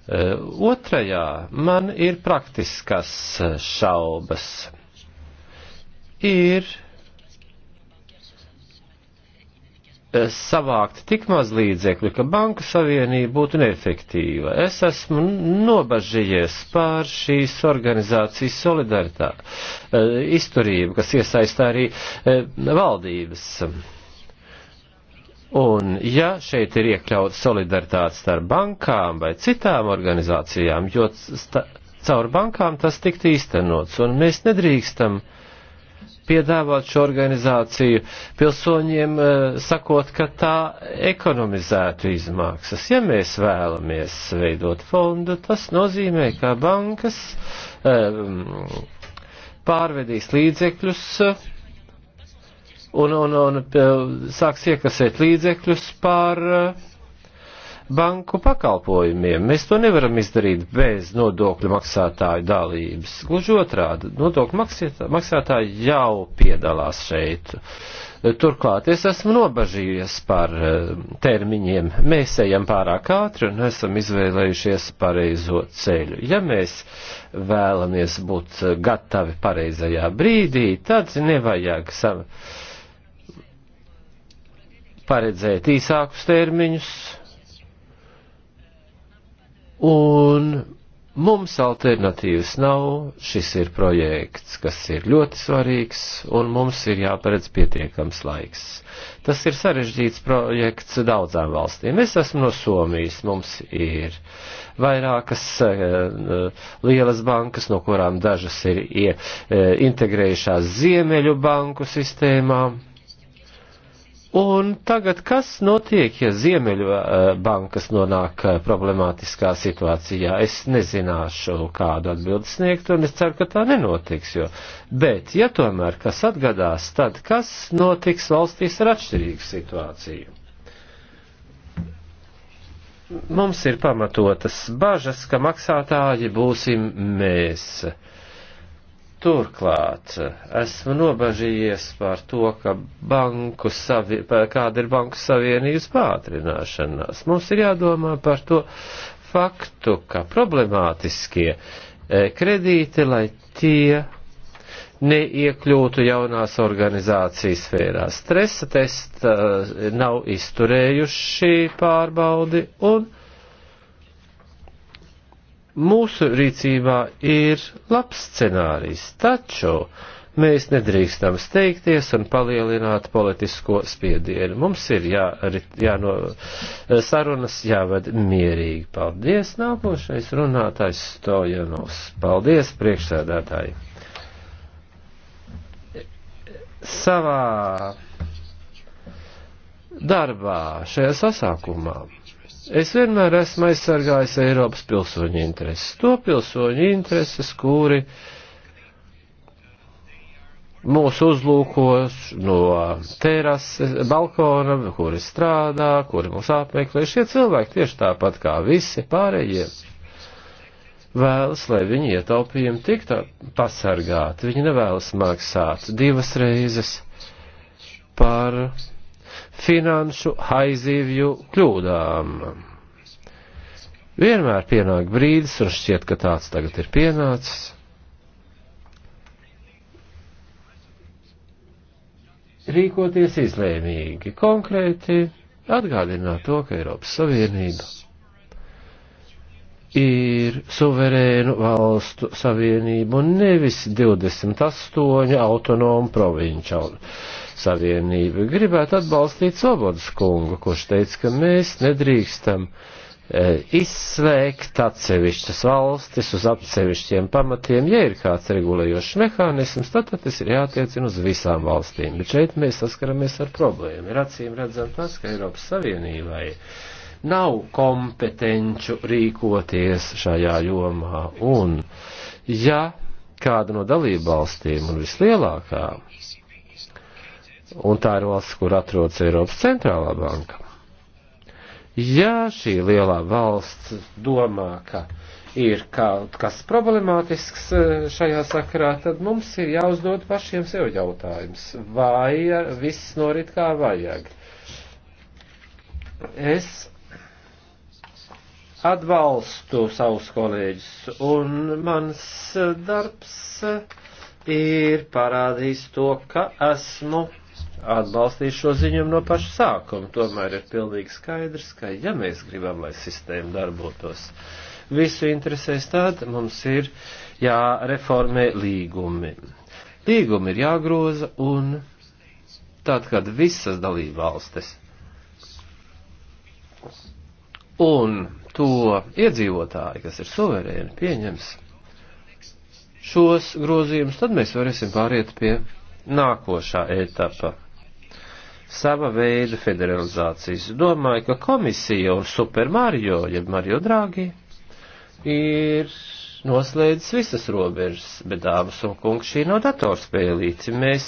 Eh, otrajā man ir praktiskas eh, šaubas. Ir eh, savākt tik maz līdzekļu, ka banku savienība būtu neefektīva. Es esmu nobažījies pār šīs organizācijas solidaritāti, izturību, kas iesaistā arī valdības Un, ja šeit ir iekļauta solidaritāte starp bankām vai citām organizācijām, jo caur bankām tas tiktu īstenots, un mēs nedrīkstam piedāvāt šo organizāciju pilsoņiem, eh, sakot, ka tā ekonomizētu izmaksas. Ja mēs vēlamies veidot fondu, tas nozīmē, ka bankas um, pārvedīs līdzekļus un, un, un sāks iekasēt līdzekļus par eh, banku pakalpojumiem. Mēs to nevaram izdarīt bez nodokļu maksātāju dalības. Gluži otrādi, nodokļu maksātāji jau piedalās šeit. Turklāt es esmu nobažījies par eh, termiņiem. Mēs ejam pārāk ātri un esam izvēlējušies pareizo ceļu. Ja mēs vēlamies būt eh, gatavi pareizajā brīdī, tad nevajag savu paredzēt īsākus termiņus, un mums alternatīvas nav, šis ir projekts, kas ir ļoti svarīgs, un mums ir jāparedz pietiekams laiks. Tas ir sarežģīts projekts daudzām valstīm. Es esmu no Somijas, mums ir vairākas eh, lielas bankas, no kurām dažas ir eh, integrējušās Ziemeļu banku sistēmām Un tagad kas notiek, ja Ziemeļbankas nonāk eh, problemātiskā situācijā? Es nezināšu, kādu atbildi sniegt, un es ceru, ka tā nenotiks. Jo. Bet, ja tomēr kas atgadās, tad kas notiks valstīs ar atšķirīgu situāciju? Mums ir pamatotas bažas, ka maksātāji būsim mēs. Uh, Turklāt esmu nobažījies par to, ka banku savi, kāda ir banku savienības pātrināšanās. Mums ir jādomā par to faktu, ka problemātiskie e, kredīti, lai tie neiekļūtu jaunās organizācijas sfērā. Stresa testa e, nav izturējuši pārbaudi un mūsu rīcībā ir labs scenārijs, taču mēs nedrīkstam steigties un palielināt politisko spiedienu. Mums ir jā, jā, no, sarunas jāved mierīgi. Paldies, nākošais runātājs Stojanovs. Paldies, priekšsēdētāji. Savā darbā šajā sasākumā Es vienmēr esmu aizsargājis Eiropas pilsoņu intereses. To pilsoņu intereses, kuri mūs uzlūkos no terases, balkona, kuri strādā, kuri mūs apmeklē. Šie cilvēki tieši tāpat kā visi pārējie vēlas, lai viņu ietaupījumi tiktu pasargāti. Viņi nevēlas maksāt divas reizes par finanšu haizīvju kļūdām. Vienmēr pienāk brīdis, un šķiet, ka tāds tagad ir pienācis. Rīkoties izlēmīgi, konkrēti atgādināt to, ka Eiropas Savienība ir suverēnu valstu savienība un nevis 28 autonomu provinču savienība. Gribētu atbalstīt Svobodas kungu, kurš teica, ka mēs nedrīkstam e, izsvēgt atsevišķas valstis uz atsevišķiem pamatiem. Ja ir kāds regulējošs mehānisms, tad, tad tas ir jātiecina uz visām valstīm. Bet šeit mēs saskaramies ar problēmu. Ir acīm redzam tas, ka Eiropas Savienībai. Ja nav kompetenču rīkoties šajā jomā. Un, ja kāda no dalībvalstīm un vislielākā, un tā ir valsts, kur atrodas Eiropas centrālā banka, ja šī lielā valsts domā, ka ir kaut kas problemātisks eh, šajā sakarā, tad mums ir jāuzdod pašiem sev jautājums, vai viss norit kā vajag. Es atbalstu savus kolēģus, un mans darbs ir parādījis to, ka esmu atbalstījis šo ziņojumu no paša sākuma. Tomēr ir pilnīgi skaidrs, ka ja mēs gribam, lai sistēma darbotos visu interesēs, tad mums ir jāreformē līgumi. Līgumi ir jāgroza un tad, kad visas dalība valstis un to iedzīvotāji, kas ir suverēni, pieņems šos grozījumus, tad mēs varēsim pāriet pie nākošā etapa sava veida federalizācijas. Domāju, ka komisija un Super Mario, jeb Mario Draghi, ir noslēdzis visas robežas, bet dāmas un kungi šī nav datorspēlīci. Mēs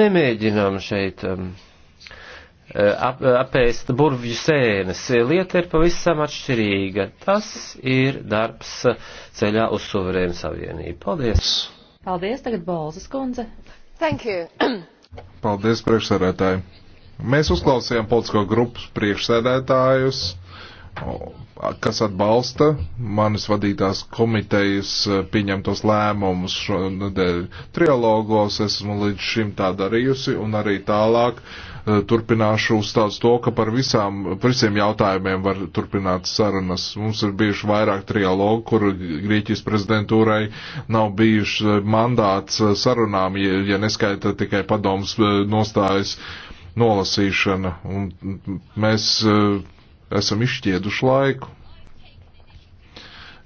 nemēģinām šeit um, Eh, ap, eh, apēst burvju sēnes. Lieta ir pavisam atšķirīga. Tas ir darbs ceļā uz suverēnu savienību. Paldies! Paldies, tagad Balzas kundze. Thank you. Paldies, priekšsēdētāji. Mēs uzklausījām politisko grupas priekšsēdētājus kas atbalsta manis vadītās komitejas eh, pieņemtos lēmumus šonadēļ trialogos. Esmu līdz šim tā darījusi un arī tālāk eh, turpināšu uzstāst to, ka par visām, par visiem jautājumiem var turpināt sarunas. Mums ir bijuši vairāk trialogu, kur Grieķijas prezidentūrai nav bijuši eh, mandāts sarunām, ja, ja neskaita tikai padomus nostājas nolasīšana. Un mēs esam izšķieduši laiku.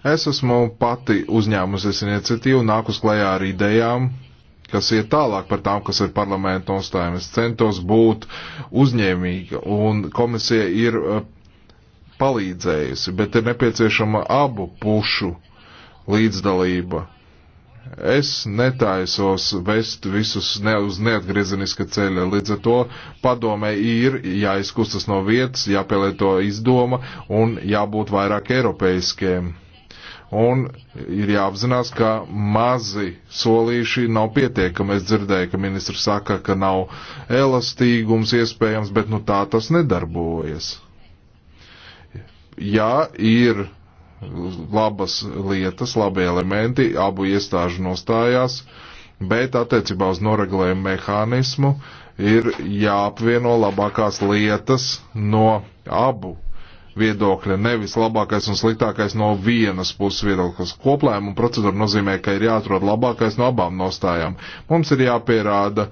Es esmu pati uzņēmusies iniciatīvu, nākus klajā ar idejām, kas iet tālāk par tām, kas ir parlamenta nostājumi. Es centos būt uzņēmīga, un komisija ir eh, palīdzējusi, bet ir nepieciešama abu pušu līdzdalība Es netaisos vest visus ne uz neatgriezeniska ceļa, līdz ar to padomē ir jāizkustas no vietas, jāpielieto izdoma un jābūt vairāk eiropeiskiem. Un ir jāapzinās, ka mazi solīši nav pietiekami. Es dzirdēju, ka ministrs saka, ka nav elastīgums iespējams, bet nu tā tas nedarbojas. Jā, ir labas lietas, labi elementi, abu iestāžu nostājās, bet attiecībā uz noregulējumu mehānismu ir jāapvieno labākās lietas no abu viedokļa, nevis labākais un sliktākais no vienas puses viedoklis. Koplējuma procedūra nozīmē, ka ir jāatrod labākais no abām nostājām. Mums ir jāpierāda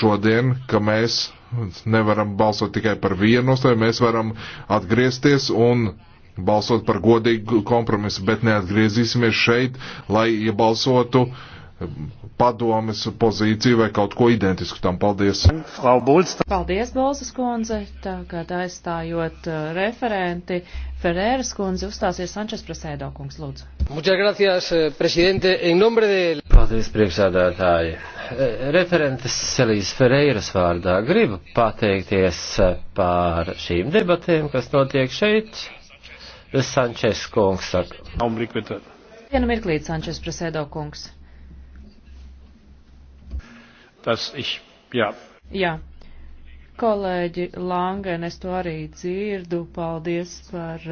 šodien, ka mēs nevaram balsot tikai par vienu nostāju, mēs varam atgriezties un balsot par godīgu kompromisu, bet neatgriezīsimies šeit, lai iebalsotu padomes pozīciju vai kaut ko identisku tam. Paldies! Paldies, Bolsas kundze! Tagad aizstājot uh, referenti, Ferēras kundze uzstāsies Sančes Prasēdo kungs, lūdzu. Muchas gracias, eh, presidente. En nombre de... Paldies, priekšsādātāji. Eh, referentes Selijas Ferēras vārdā gribu pateikties eh, par šīm debatēm, kas notiek šeit Sančes kungs saka. Vienu mirklīt, Sančes prasēdo kungs. Tas ich, jā. Jā. Kolēģi Langen, es to arī dzirdu. Paldies par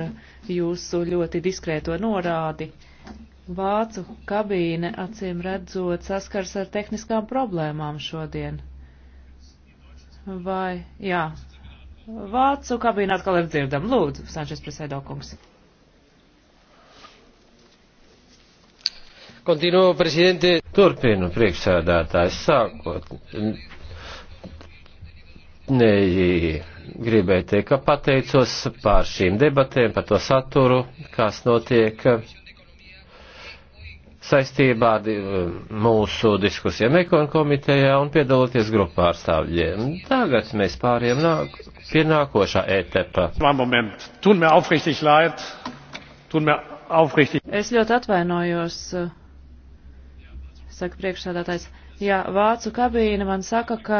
jūsu ļoti diskrēto norādi. Vācu kabīne, acīm redzot, saskars ar tehniskām problēmām šodien. Vai, jā, Vācu kabīne atkal ir dzirdama. Lūdzu, Sančes Presēdo kungs. Continuo, prezidente. Turpinu, priekšsēdētājs, sākot. Nē, gribēju teikt, ka pateicos par šīm debatēm, par to saturu, kas notiek saistībā ar mūsu diskusijām ekonu komitejā un piedaloties grupu pārstāvjiem. Tagad mēs pāriem nāk, pie nākošā etapa. Es ļoti atvainojos saka priekšsādātājs. Jā, vācu kabīne man saka, ka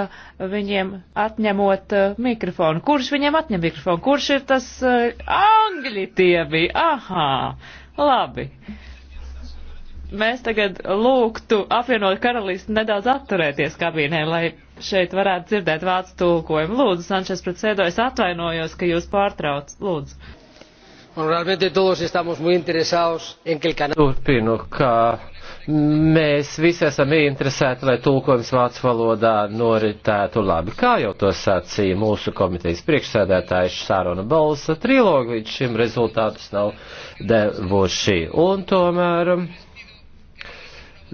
viņiem atņemot uh, mikrofonu. Kurš viņiem atņem mikrofonu? Kurš ir tas uh, angļi tie bija? Aha, labi. Mēs tagad lūgtu apvienot karalisti nedaudz atturēties kabīnē, lai šeit varētu dzirdēt vācu tulkojumu. Lūdzu, Sančes pret sēdo, es atvainojos, ka jūs pārtrauc. Lūdzu. Turpinu, kā Mēs visi esam ieinteresēti, lai tulkojums vācu valodā noritētu labi. Kā jau to sacīja mūsu komitejas priekšsēdētājs Sārona Balsa, trilogu līdz šim rezultātus nav devuši. Un tomēr.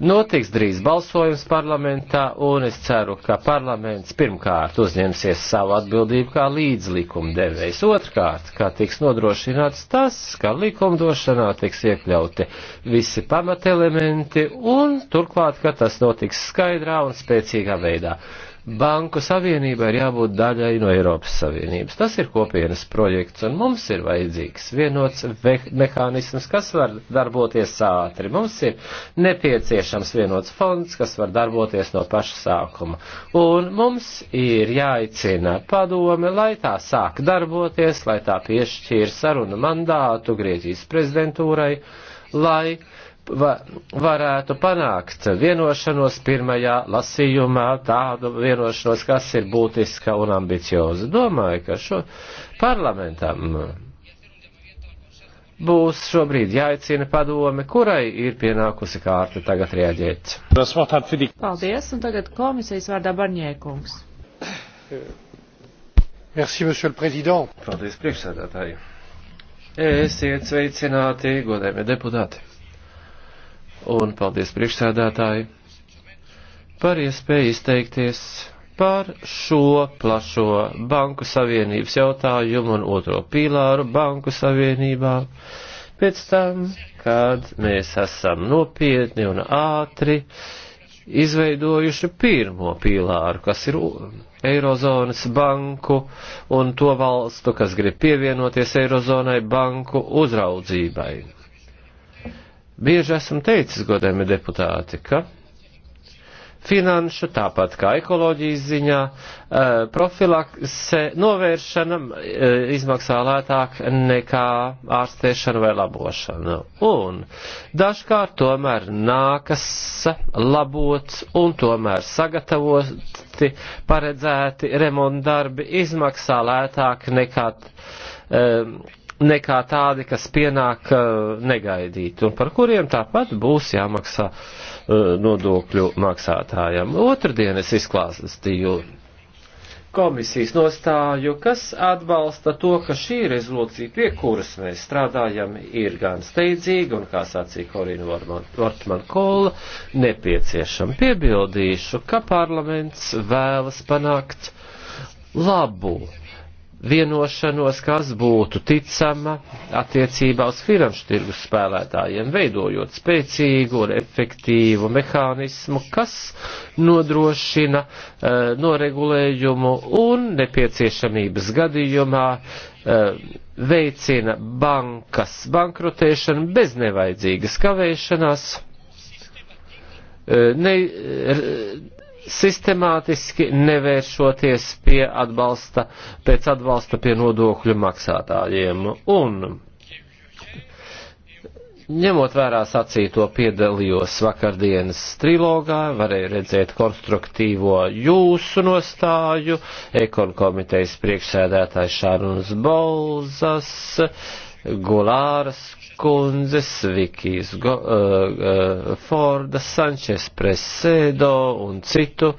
Notiks drīz balsojums parlamentā, un es ceru, ka parlaments pirmkārt uzņemsies savu atbildību kā līdzlikuma devējs. Otrkārt, kā tiks nodrošināts tas, ka likumdošanā tiks iekļauti visi pamatelementi, un turklāt, ka tas notiks skaidrā un spēcīgā veidā. Banku savienība ir jābūt daļai no Eiropas Savienības. Tas ir kopienas projekts, un mums ir vajadzīgs vienots mehānisms, kas var darboties ātri. Mums ir nepieciešams vienots fonds, kas var darboties no paša sākuma. Un mums ir jāicina padome, lai tā sāk darboties, lai tā piešķīra sarunu mandātu Grieķijas prezidentūrai, lai va, varētu panākt vienošanos pirmajā lasījumā, tādu vienošanos, kas ir būtiska un ambicioza. Domāju, ka šo parlamentam būs šobrīd jāicina padome, kurai ir pienākusi kārta tagad rēģēt. Paldies, un tagad komisijas vārdā Barņēkungs. Merci, monsieur le président. Paldies, priekšsēdētāji. Esiet sveicināti, godējumie deputāti un paldies priekšsēdētāji par iespēju izteikties par šo plašo banku savienības jautājumu un otro pīlāru banku savienībā. Pēc tam, kad mēs esam nopietni un ātri izveidojuši pirmo pīlāru, kas ir Eirozonas banku un to valstu, kas grib pievienoties Eirozonai banku uzraudzībai Bieži esam teicis, godējumi deputāti, ka finanšu, tāpat kā ekoloģijas ziņā, eh, profilakse novēršana eh, izmaksā lētāk nekā ārstēšana vai labošana. Un dažkārt tomēr nākas labot un tomēr sagatavoti paredzēti remontdarbi izmaksā lētāk nekā um, nekā tādi, kas pienāk eh, negaidīti un par kuriem tāpat būs jāmaksā eh, nodokļu maksātājiem. Otrdien es izklāstīju komisijas nostāju, kas atbalsta to, ka šī rezolūcija, pie kuras mēs strādājam, ir gan steidzīga un, kā sacīja Korina Vortman Kola, nepieciešama. Piebildīšu, ka parlaments vēlas panākt labu vienošanos, kas būtu ticama attiecībā uz finanšu tirgus spēlētājiem, veidojot spēcīgu un efektīvu mehānismu, kas nodrošina uh, noregulējumu un nepieciešamības gadījumā uh, veicina bankas bankrotēšanu bez nevajadzīgas kavēšanās, uh, ne, sistemātiski nevēršoties pie atbalsta, pēc atbalsta pie nodokļu maksātājiem. Un ņemot vērā sacīto piedalījos vakardienas trilogā, varēja redzēt konstruktīvo jūsu nostāju, ekon komitejas priekšsēdētājs Šāruns Bolzas, Gulāras kundzes, Vikijas Go, uh, uh, Forda, Sančes Presēdo un citu.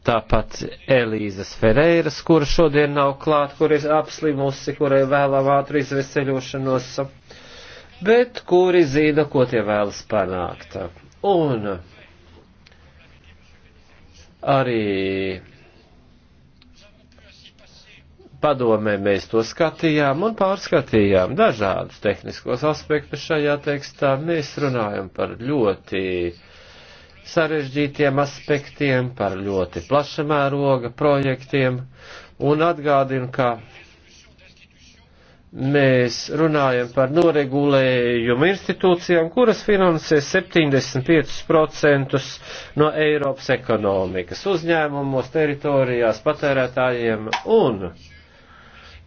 Tāpat Elīzes Ferreiras, kura šodien nav klāt, kur ir apslimusi, kurai vēlam ātru izveseļošanos, bet kuri zina, ko tie vēlas panākt. Un arī padomē mēs to skatījām un pārskatījām dažādus tehniskos aspektus šajā tekstā. Mēs runājam par ļoti sarežģītiem aspektiem, par ļoti plaša mēroga projektiem un atgādinu, ka mēs runājam par noregulējumu institūcijām, kuras finansē 75% no Eiropas ekonomikas uzņēmumos, teritorijās, patērētājiem un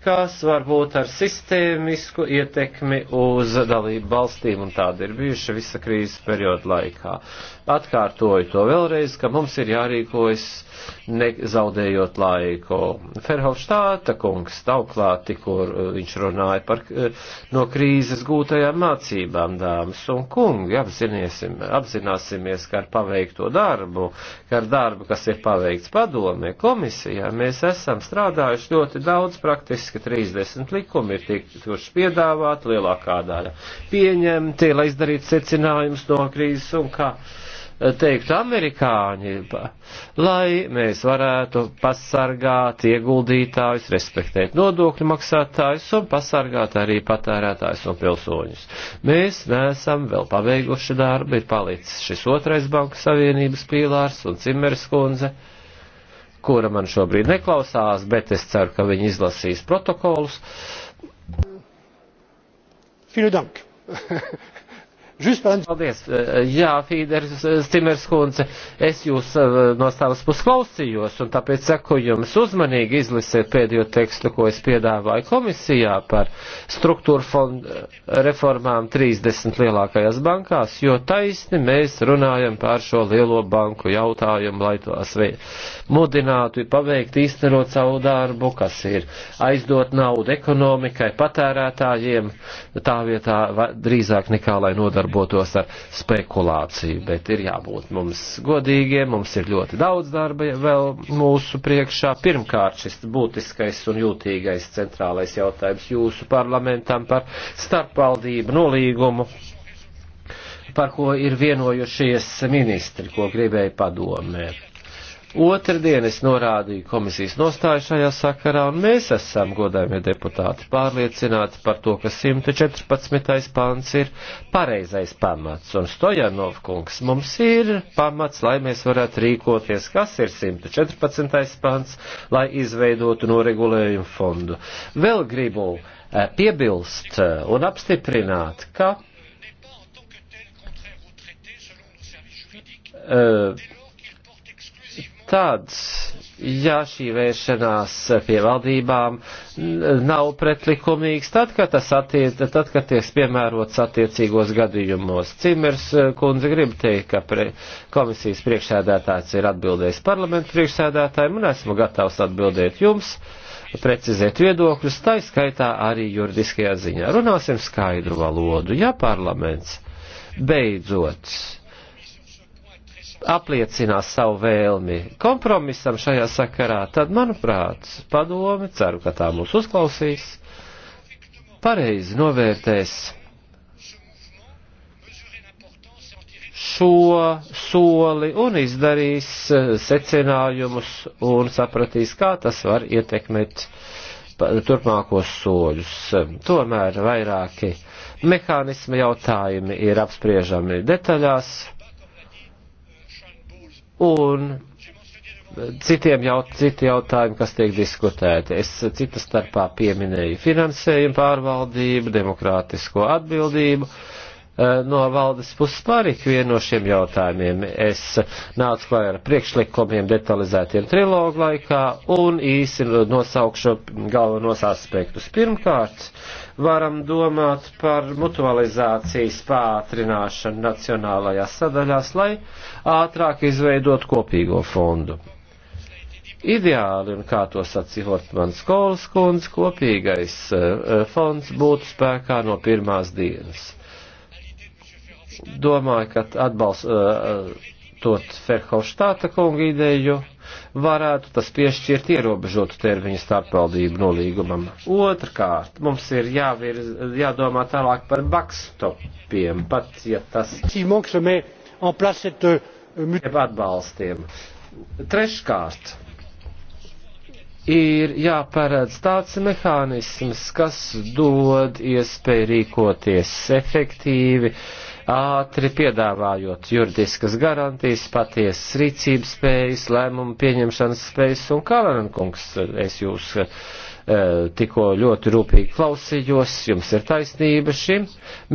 kas var būt ar sistēmisku ietekmi uz dalību valstīm, un tāda ir bijuša visa krīzes perioda laikā. Atkārtoju to vēlreiz, ka mums ir jārīkojas nezaudējot laiku. Ferhofštāta kungs tauklāt, kur eh, viņš runāja par eh, no krīzes gūtajām mācībām dāmas un kungi, apzināsim, apzināsimies, ka ar paveikto darbu, ka ar darbu, kas ir paveikts padomē, komisijā, mēs esam strādājuši ļoti daudz praktiski ka 30 likumi ir tikuši piedāvāti, lielākā daļa pieņemti, lai izdarītu secinājumus no krīzes un kā eh, teiktu amerikāņi, lai mēs varētu pasargāt ieguldītājus, respektēt nodokļu maksātājus un pasargāt arī patērētājus un pilsoņus. Mēs neesam vēl pabeiguši darbu, ir palicis šis otrais banku savienības pīlārs un Cimeres kundze kura man šobrīd neklausās, bet es ceru, ka viņi izlasīs protokolus. Vielen Dank. Paldies. Jā, Fīders, Stimers kundze, es jūs eh, no savas puses klausījos, un tāpēc saku jums uzmanīgi izlasiet pēdējo tekstu, ko es piedāvāju komisijā par struktūra fondu reformām 30 lielākajās bankās, jo taisni mēs runājam par šo lielo banku jautājumu, lai tos mudinātu paveikt īstenot savu darbu, kas ir aizdot naudu ekonomikai, patērētājiem, tā vietā drīzāk nekā lai nodarbotos nodarbotos ar spekulāciju, bet ir jābūt mums godīgiem, mums ir ļoti daudz darba vēl mūsu priekšā. Pirmkārt, šis būtiskais un jūtīgais centrālais jautājums jūsu parlamentam par starpvaldību nolīgumu par ko ir vienojušies ministri, ko gribēja padomēt Otradien es norādīju komisijas nostāju šajā sakarā, un mēs esam, godājumie deputāti, pārliecināti par to, ka 114. pants ir pareizais pamats, un Stojanov kungs mums ir pamats, lai mēs varētu rīkoties, kas ir 114. pants, lai izveidotu noregulējumu fondu. Vēl gribu eh, piebilst eh, un apstiprināt, ka. Uh, Tad, ja šī vēršanās pie valdībām nav pretlikumīgs, tad, kad tas attiec, tad, kad tiek piemērots attiecīgos gadījumos. Cimers eh, kundze grib teikt, ka pre, komisijas priekšsēdētājs ir atbildējis parlamentu priekšsēdētājiem, un esmu gatavs atbildēt jums, precizēt viedokļus, tā skaitā arī juridiskajā ziņā. Runāsim skaidru valodu, ja parlaments beidzot apliecinās savu vēlmi kompromisam šajā sakarā, tad, manuprāt, padome, ceru, ka tā mūs uzklausīs, pareizi novērtēs šo soli un izdarīs eh, secinājumus un sapratīs, kā tas var ietekmēt turpmākos soļus. Tomēr vairāki mehānismi jautājumi ir apspriežami detaļās un citiem jaut, citi jautājumi, kas tiek diskutēti. Es cita starpā pieminēju finansējumu pārvaldību, demokrātisko atbildību. Uh, Eh, no valdes puses par ikvienu no šiem jautājumiem. Es nācu klāj ar priekšlikumiem detalizētiem trilogu laikā un īsi nosaukšu galvenos aspektus. Pirmkārt, varam domāt par mutualizācijas pātrināšanu nacionālajās sadaļās, lai ātrāk izveidot kopīgo fondu. Ideāli, un kā to sacīja Hortmans Kols kundze, kopīgais eh, fonds būtu spēkā no pirmās dienas domāju, ka atbalstot uh, uh Ferhofštāta kunga ideju varētu tas piešķirt ierobežotu termiņu starpvaldību nolīgumam. Otrkārt, mums ir jāvirz, jādomā tālāk par backstopiem, pat ja tas ir euh, atbalstiem. Treškārt, ir jāparādz tāds mehānisms, kas dod iespēju rīkoties efektīvi, uh, ātri piedāvājot juridiskas garantijas, patiesas rīcības spējas, lēmumu pieņemšanas spējas un Kalankungs, es jūs Eh, tikko ļoti rūpīgi klausījos, jums ir taisnība šim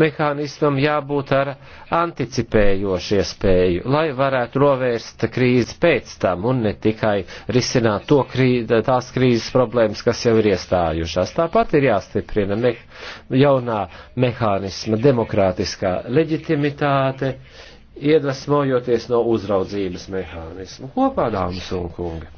mehānismam jābūt ar anticipējošu iespēju, lai varētu novērst krīzi pēc tam un ne tikai risināt to krīze, tās krīzes problēmas, kas jau ir iestājušās. Tāpat ir jāstiprina me jaunā mehānisma demokrātiskā leģitimitāte, iedvesmojoties no uzraudzības mehānismu. Kopā, dāmas un kungi!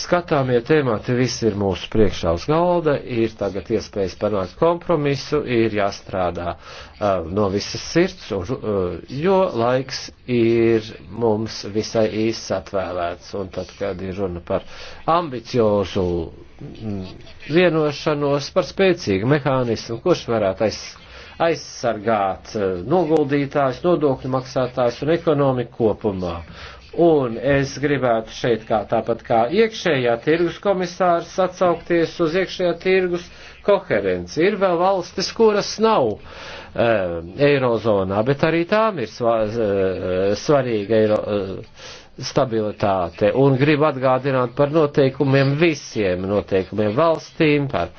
skatāmie temati viss ir mūsu priekšā uz galda, ir tagad iespējas panākt kompromisu, ir jāstrādā uh, no visas sirds, un, uh, jo laiks ir mums visai īsts atvēlēts, un tad, kad ir runa par ambiciozu mm, vienošanos, par spēcīgu mehānismu, kurš varētu aiz, aizsargāt uh, noguldītājs, nodokļu maksātājs un ekonomiku kopumā. Uh, Un es gribētu šeit, kā, tāpat kā iekšējā tirgus komisārs, atsaukties uz iekšējā tirgus koherenci. Ir vēl valstis, kuras nav e, eirozonā, bet arī tām ir sva, e, svarīga eiro, e, stabilitāte. Un gribu atgādināt par noteikumiem visiem noteikumiem valstīm, par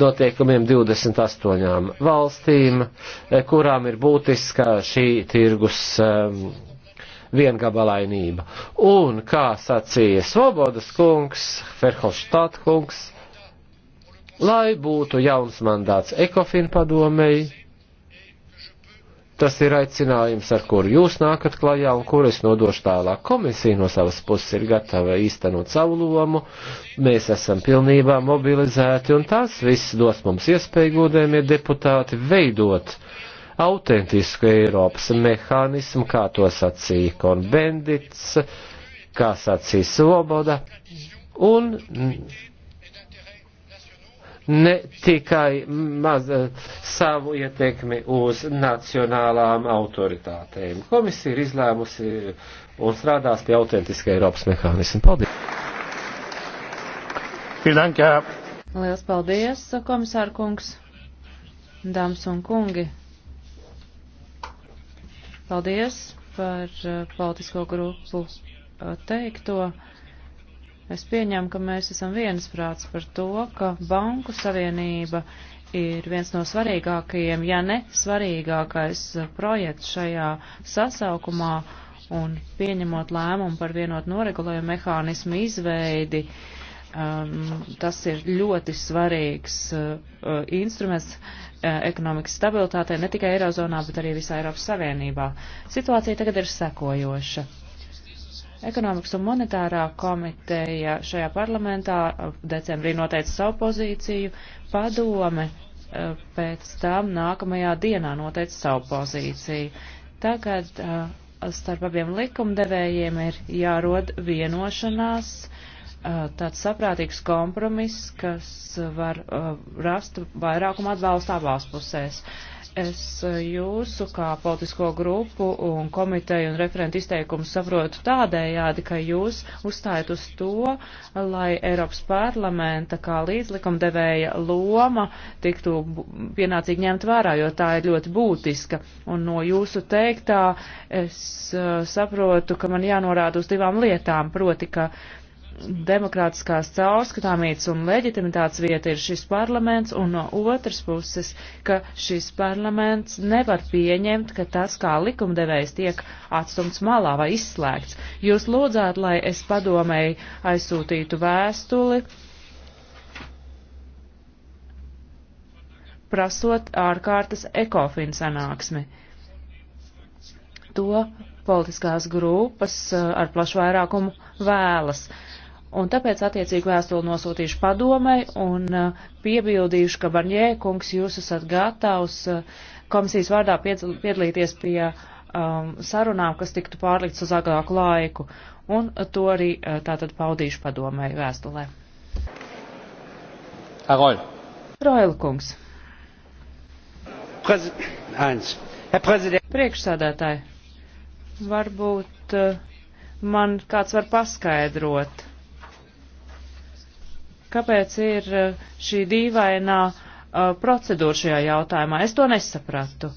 noteikumiem 28 valstīm, e, kurām ir būtiska šī tirgus. E, viengabalainība. Un, kā sacīja Svobodas kungs, Ferhofštāt kungs, lai būtu jauns mandāts Ekofin padomēji, tas ir aicinājums, ar kuru jūs nākat klajā un kur es nodošu tālāk. Komisija no savas puses ir gatava īstenot savu lomu, mēs esam pilnībā mobilizēti un tas viss dos mums iespēju, godējumie deputāti, veidot autentisku Eiropas mehānismu, kā to sacīja Konbendits, kā sacīja Svoboda, un ne tikai maz, savu ietekmi uz nacionālām autoritātēm. Komisija ir izlēmusi un strādās pie autentiska Eiropas mehānismu. Paldies! Liels paldies, komisāra kungs, dāmas un kungi! Paldies par uh, politisko grupu uh, teikto. Es pieņemu, ka mēs esam viensprāts par to, ka Banku Savienība ir viens no svarīgākajiem, ja ne svarīgākais uh, projekts šajā sasaukumā un pieņemot lēmumu par vienotu noregulējumu mehānismu izveidi. Uh, Um, tas ir ļoti svarīgs uh, uh, instruments uh, ekonomikas stabilitātei ne tikai Eirozonā, bet arī visā Eiropas Savienībā. Situācija tagad ir sekojoša. Ekonomikas un monetārā komiteja šajā parlamentā uh, decembrī noteica savu pozīciju, padome uh, pēc tam nākamajā dienā noteica savu pozīciju. Tagad uh, starp abiem likumdevējiem ir jārod vienošanās uh, Uh, tāds saprātīgs kompromiss, kas var uh, rast vairākumu atbalstu abās pusēs. Es uh, jūsu kā politisko grupu un komiteju un referentu izteikumu saprotu tādējādi, ka jūs uzstājat uz to, lai Eiropas parlamenta kā līdzlikumdevēja loma tiktu pienācīgi ņemt vērā, jo tā ir ļoti būtiska. Un no jūsu teiktā es saprotu, ka man jānorāda uz divām lietām, proti, ka uh, demokrātiskās caurskatāmības un leģitimitātes vieta ir šis parlaments, un no otras puses, ka šis parlaments nevar pieņemt, ka tas kā likumdevējs tiek atstumts malā vai izslēgts. Jūs lūdzāt, lai es padomēju aizsūtītu vēstuli, prasot ārkārtas ekofin sanāksmi. To politiskās grupas eh, ar plašu vairākumu vēlas. Uh, Un tāpēc attiecīgi vēstuli nosūtīšu padomai un uh, piebildīšu, ka Barņē kungs jūs esat gatavs uh, komisijas vārdā piedalīties pie um, sarunām, kas tiktu pārlikts uz agrāku laiku. Un uh, to arī tātad paudīšu padomai vēstulē. Roil. Roil kungs. Prez... Priekšsādātāji, varbūt man kāds var paskaidrot kāpēc ir eh, šī dīvainā eh, procedūra šajā jautājumā. Es to nesapratu.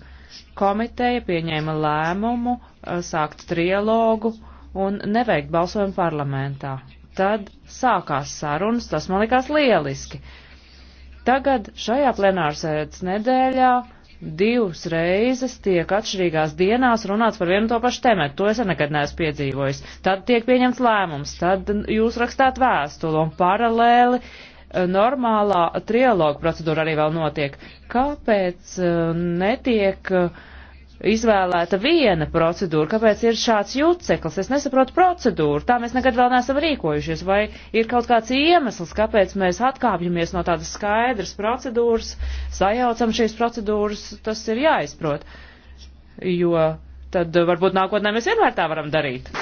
Komiteja pieņēma lēmumu eh, sākt trilogu un neveikt balsojumu parlamentā. Tad sākās sarunas, tas man likās lieliski. Tagad šajā plenārsēdes nedēļā divas reizes tiek atšķirīgās dienās runāts par vienu to pašu tematu. To es nekad neesmu piedzīvojis. Tad tiek pieņemts lēmums, tad jūs rakstāt vēstuli un paralēli eh, normālā trialoga procedūra arī vēl notiek. Kāpēc eh, netiek uh, izvēlēta viena procedūra, kāpēc ir šāds juceklis? Es nesaprotu procedūru, tā mēs nekad vēl neesam rīkojušies, vai ir kaut kāds iemesls, kāpēc mēs atkāpjamies no tādas skaidras procedūras, sajaucam šīs procedūras, tas ir jāizprot, jo tad varbūt nākotnē mēs vienmēr tā varam darīt.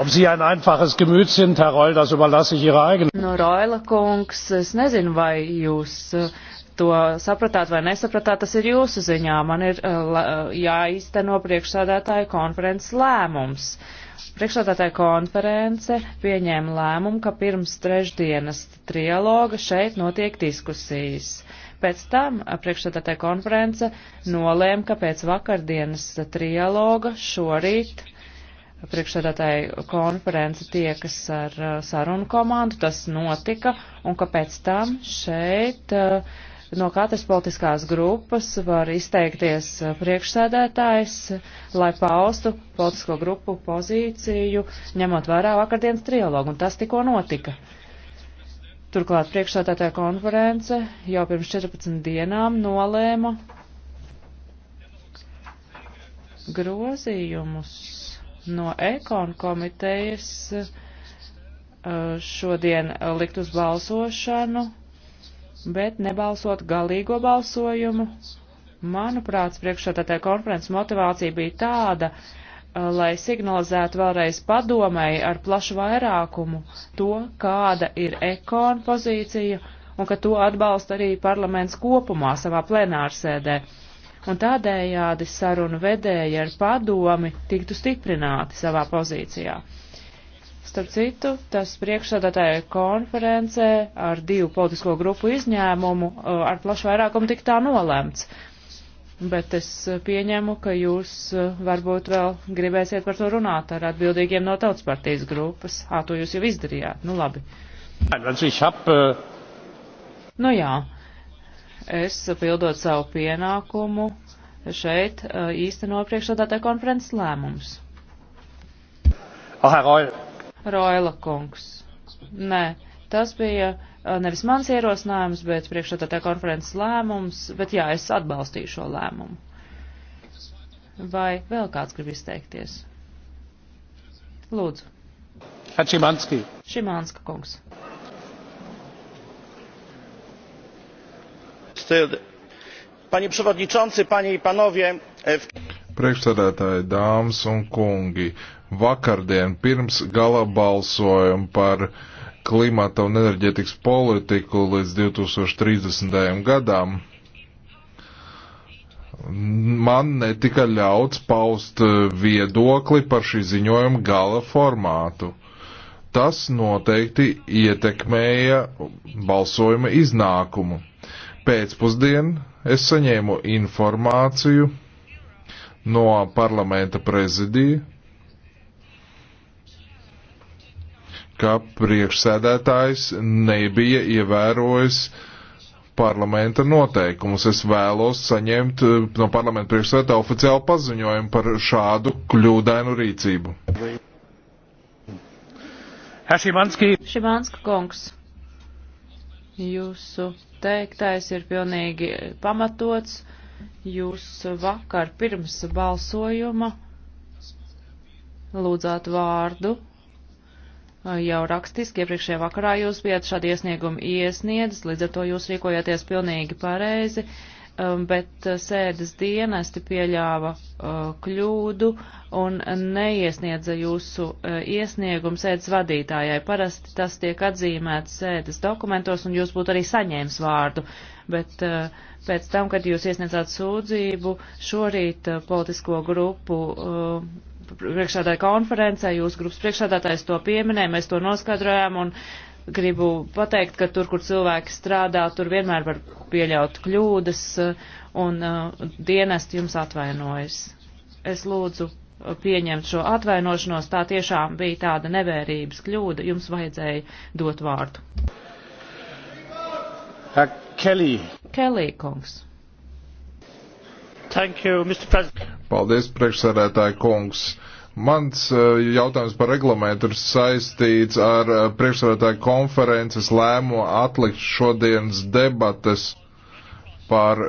Ob Sie ein einfaches Gemüt sind, Herr Reul, das überlasse ich Ihrer eigenen. No, nu, Reula kungs, es nezinu, vai jūs uh, to sapratāt vai nesapratāt, tas ir jūsu ziņā. Man ir uh, uh, jāīsteno priekšsādātāja konferences lēmums. Priekšsādātāja konference pieņēma lēmumu, ka pirms trešdienas trialoga šeit notiek diskusijas. Pēc tam priekšsādātāja konference nolēma, ka pēc vakardienas trialoga šorīt priekšsēdētāji konference tiekas ar uh, sarunu komandu, tas notika, un ka pēc tam šeit uh, no katras politiskās grupas var izteikties uh, priekšsēdētājs, lai paustu politisko grupu pozīciju, ņemot vērā vakardienas trialogu, un tas tikko notika. Turklāt priekšsēdētāja konference jau pirms 14 dienām nolēma grozījumus no ekonu komitejas eh, šodien likt uz balsošanu, bet nebalsot galīgo balsojumu. Manuprāt, priekšsādātāja konferences motivācija bija tāda, eh, lai signalizētu vēlreiz padomēji ar plašu vairākumu to, kāda ir ekonu pozīcija un ka to atbalsta arī parlaments kopumā savā plenārsēdē. Ar un tādējādi sarunu vedēji ar padomi tiktu stiprināti savā pozīcijā. Starp citu, tas priekšsādātāja konferencē ar divu politisko grupu izņēmumu uh, ar plašu vairākumu tik tā nolemts. Bet es uh, pieņemu, ka jūs uh, varbūt vēl gribēsiet par to runāt ar atbildīgiem no tautas partijas grupas. Ā, to jūs jau izdarījāt. Nu labi. Äh, nu jā es, pildot savu pienākumu, šeit īsteno priekšsādātāju konferences lēmumus. Roila kungs. Nē, tas bija nevis mans ierosinājums, bet priekšsādātāja konferences lēmums, bet jā, es atbalstīju šo lēmumu. Vai vēl kāds grib izteikties? Lūdzu. Šimanski. Šimanska kungs. panie przewodniczący panie i panowie! E, priekšsēdētāji dāmas un kungi vakardien pirms gala balsojuma par klimata un enerģetikas politiku līdz 2030. gadam man netika ļauts paust viedokli par šī ziņojuma gala formātu. Tas noteikti ietekmēja balsojuma iznākumu pēcpusdien es saņēmu informāciju no parlamenta prezidija, ka priekšsēdētājs nebija ievērojis parlamenta noteikumus. Es vēlos saņemt eh, no parlamenta priekšsēdētāja oficiālu paziņojumu par šādu kļūdainu rīcību. Herr Šimanski. Šimanska kungs. Jūsu teiktais ir pilnīgi pamatots. Jūs vakar pirms balsojuma lūdzāt vārdu jau rakstiski, iepriekšējā vakarā jūs bijat šādi iesniegumi iesniedzis, līdz ar to jūs rīkojāties pilnīgi pareizi. Uh, Um, bet uh, sēdes dienesti pieļāva uh, kļūdu un neiesniedza jūsu uh, iesniegumu sēdes vadītājai. Parasti tas tiek atzīmēts sēdes dokumentos un jūs būtu arī saņēmis vārdu, bet pēc tam, kad jūs iesniedzāt sūdzību, šorīt politisko grupu priekšādāja konferencē, jūsu grupas priekšādātājs to pieminēja, mēs to noskaidrojām un uh, gribu pateikt, ka tur, kur cilvēki strādā, tur vienmēr var pieļaut kļūdas, un uh, dienesti jums atvainojas. Es lūdzu uh, pieņemt šo atvainošanos, tā tiešām bija tāda nevērības kļūda, jums vajadzēja dot vārdu. Kelly. Kelly kungs. Thank you, Mr. President. Paldies, priekšsarētāji kungs. Uh, Mans e, jautājums par reglamentu ir saistīts ar e, priekšsēdētāju konferences lēmumu atlikt šodienas debates par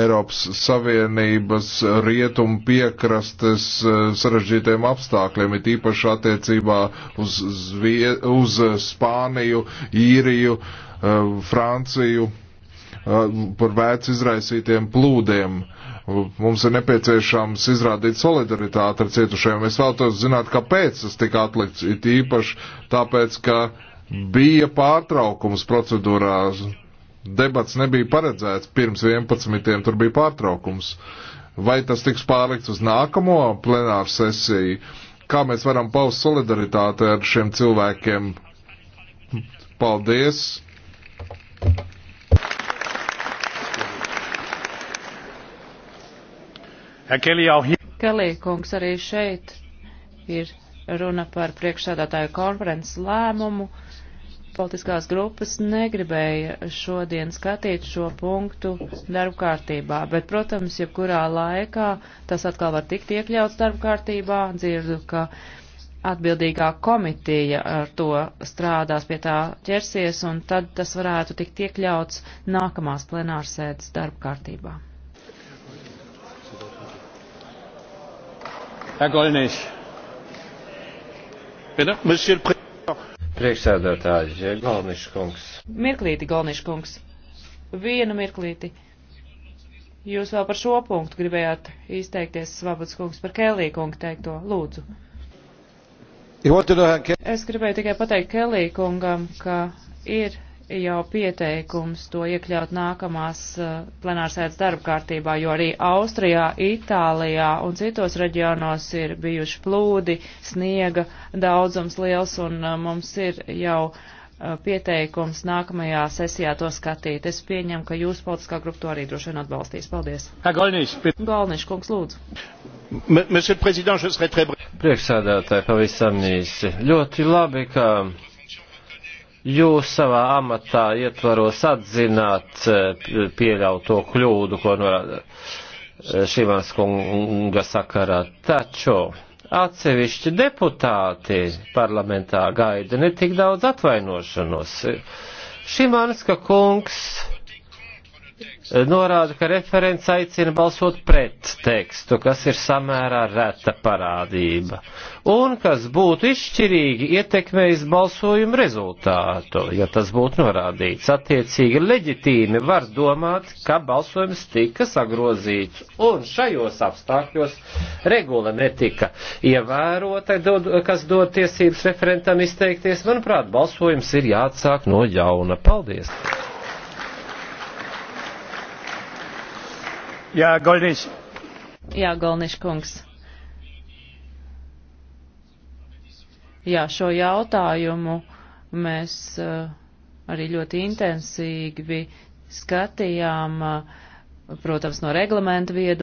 Eiropas Savienības rietumu piekrastes e, sarežģītiem apstākļiem, it īpaši attiecībā uz, Zvie uz Spāniju, Īriju, Franciju par vēc izraisītiem plūdiem. Uh, Mums ir nepieciešams izrādīt solidaritāti ar cietušajiem. Es vēlētos zināt, kāpēc tas tika atlikts. It īpaši tāpēc, ka bija pārtraukums procedūrā. Debats nebija paredzēts pirms 11. tur bija pārtraukums. Vai tas tiks pārlikts uz nākamo plenāru sesiju? Kā mēs varam paust solidaritāti ar šiem cilvēkiem? Paldies! Kelī kungs arī šeit ir runa par priekšsādātāju konferences lēmumu. Politiskās grupas negribēja šodien skatīt šo punktu darba kārtībā, bet, protams, jebkurā laikā tas atkal var tikt iekļauts darba kārtībā. Dzirdu, ka atbildīgā komitija ar to strādās pie tā ķersies, un tad tas varētu tikt iekļauts nākamās plenārsēdes darba kārtībā. monsieur le président priekšsēdētāji Galniša kungs. Mirklīti, Galniša kungs. Vienu mirklīti. Jūs vēl par šo punktu gribējāt izteikties, Svabats kungs, par Kelī kungu teikto. Lūdzu. Es gribēju tikai pateikt Kelī kungam, ka ir jau pieteikums to iekļaut nākamās uh, plenārsēdes darba kārtībā, jo arī Austrijā, Itālijā un citos reģionos ir bijuši plūdi, sniega daudzums liels un uh, mums ir jau uh, pieteikums nākamajā sesijā to skatīt. Es pieņemu, ka jūs politiskā grupa to arī droši vien atbalstīs. Paldies. Galniņš, kungs, lūdzu. Priekšsēdētāji, pavisam īsi. Ļoti labi, ka jūs savā amatā ietvaros atzināt e, pieļauto kļūdu, ko norāda e, Šimans kunga sakarā. Taču atsevišķi deputāti parlamentā gaida netik daudz atvainošanos. Šimanska kungs norāda, ka referents aicina balsot pret tekstu, kas ir samērā reta parādība, un kas būtu izšķirīgi ietekmējis balsojumu rezultātu, ja tas būtu norādīts. Attiecīgi leģitīmi var domāt, ka balsojums tika sagrozīts, un šajos apstākļos regula netika ievērota, kas dod tiesības referentam izteikties. Manuprāt, balsojums ir jāatsāk no jauna. Paldies! Jā, Golniš. Jā, Golniš kungs. Jā, šo jautājumu mēs eh, arī ļoti intensīvi skatījām, eh, protams, no reglamenta viedu.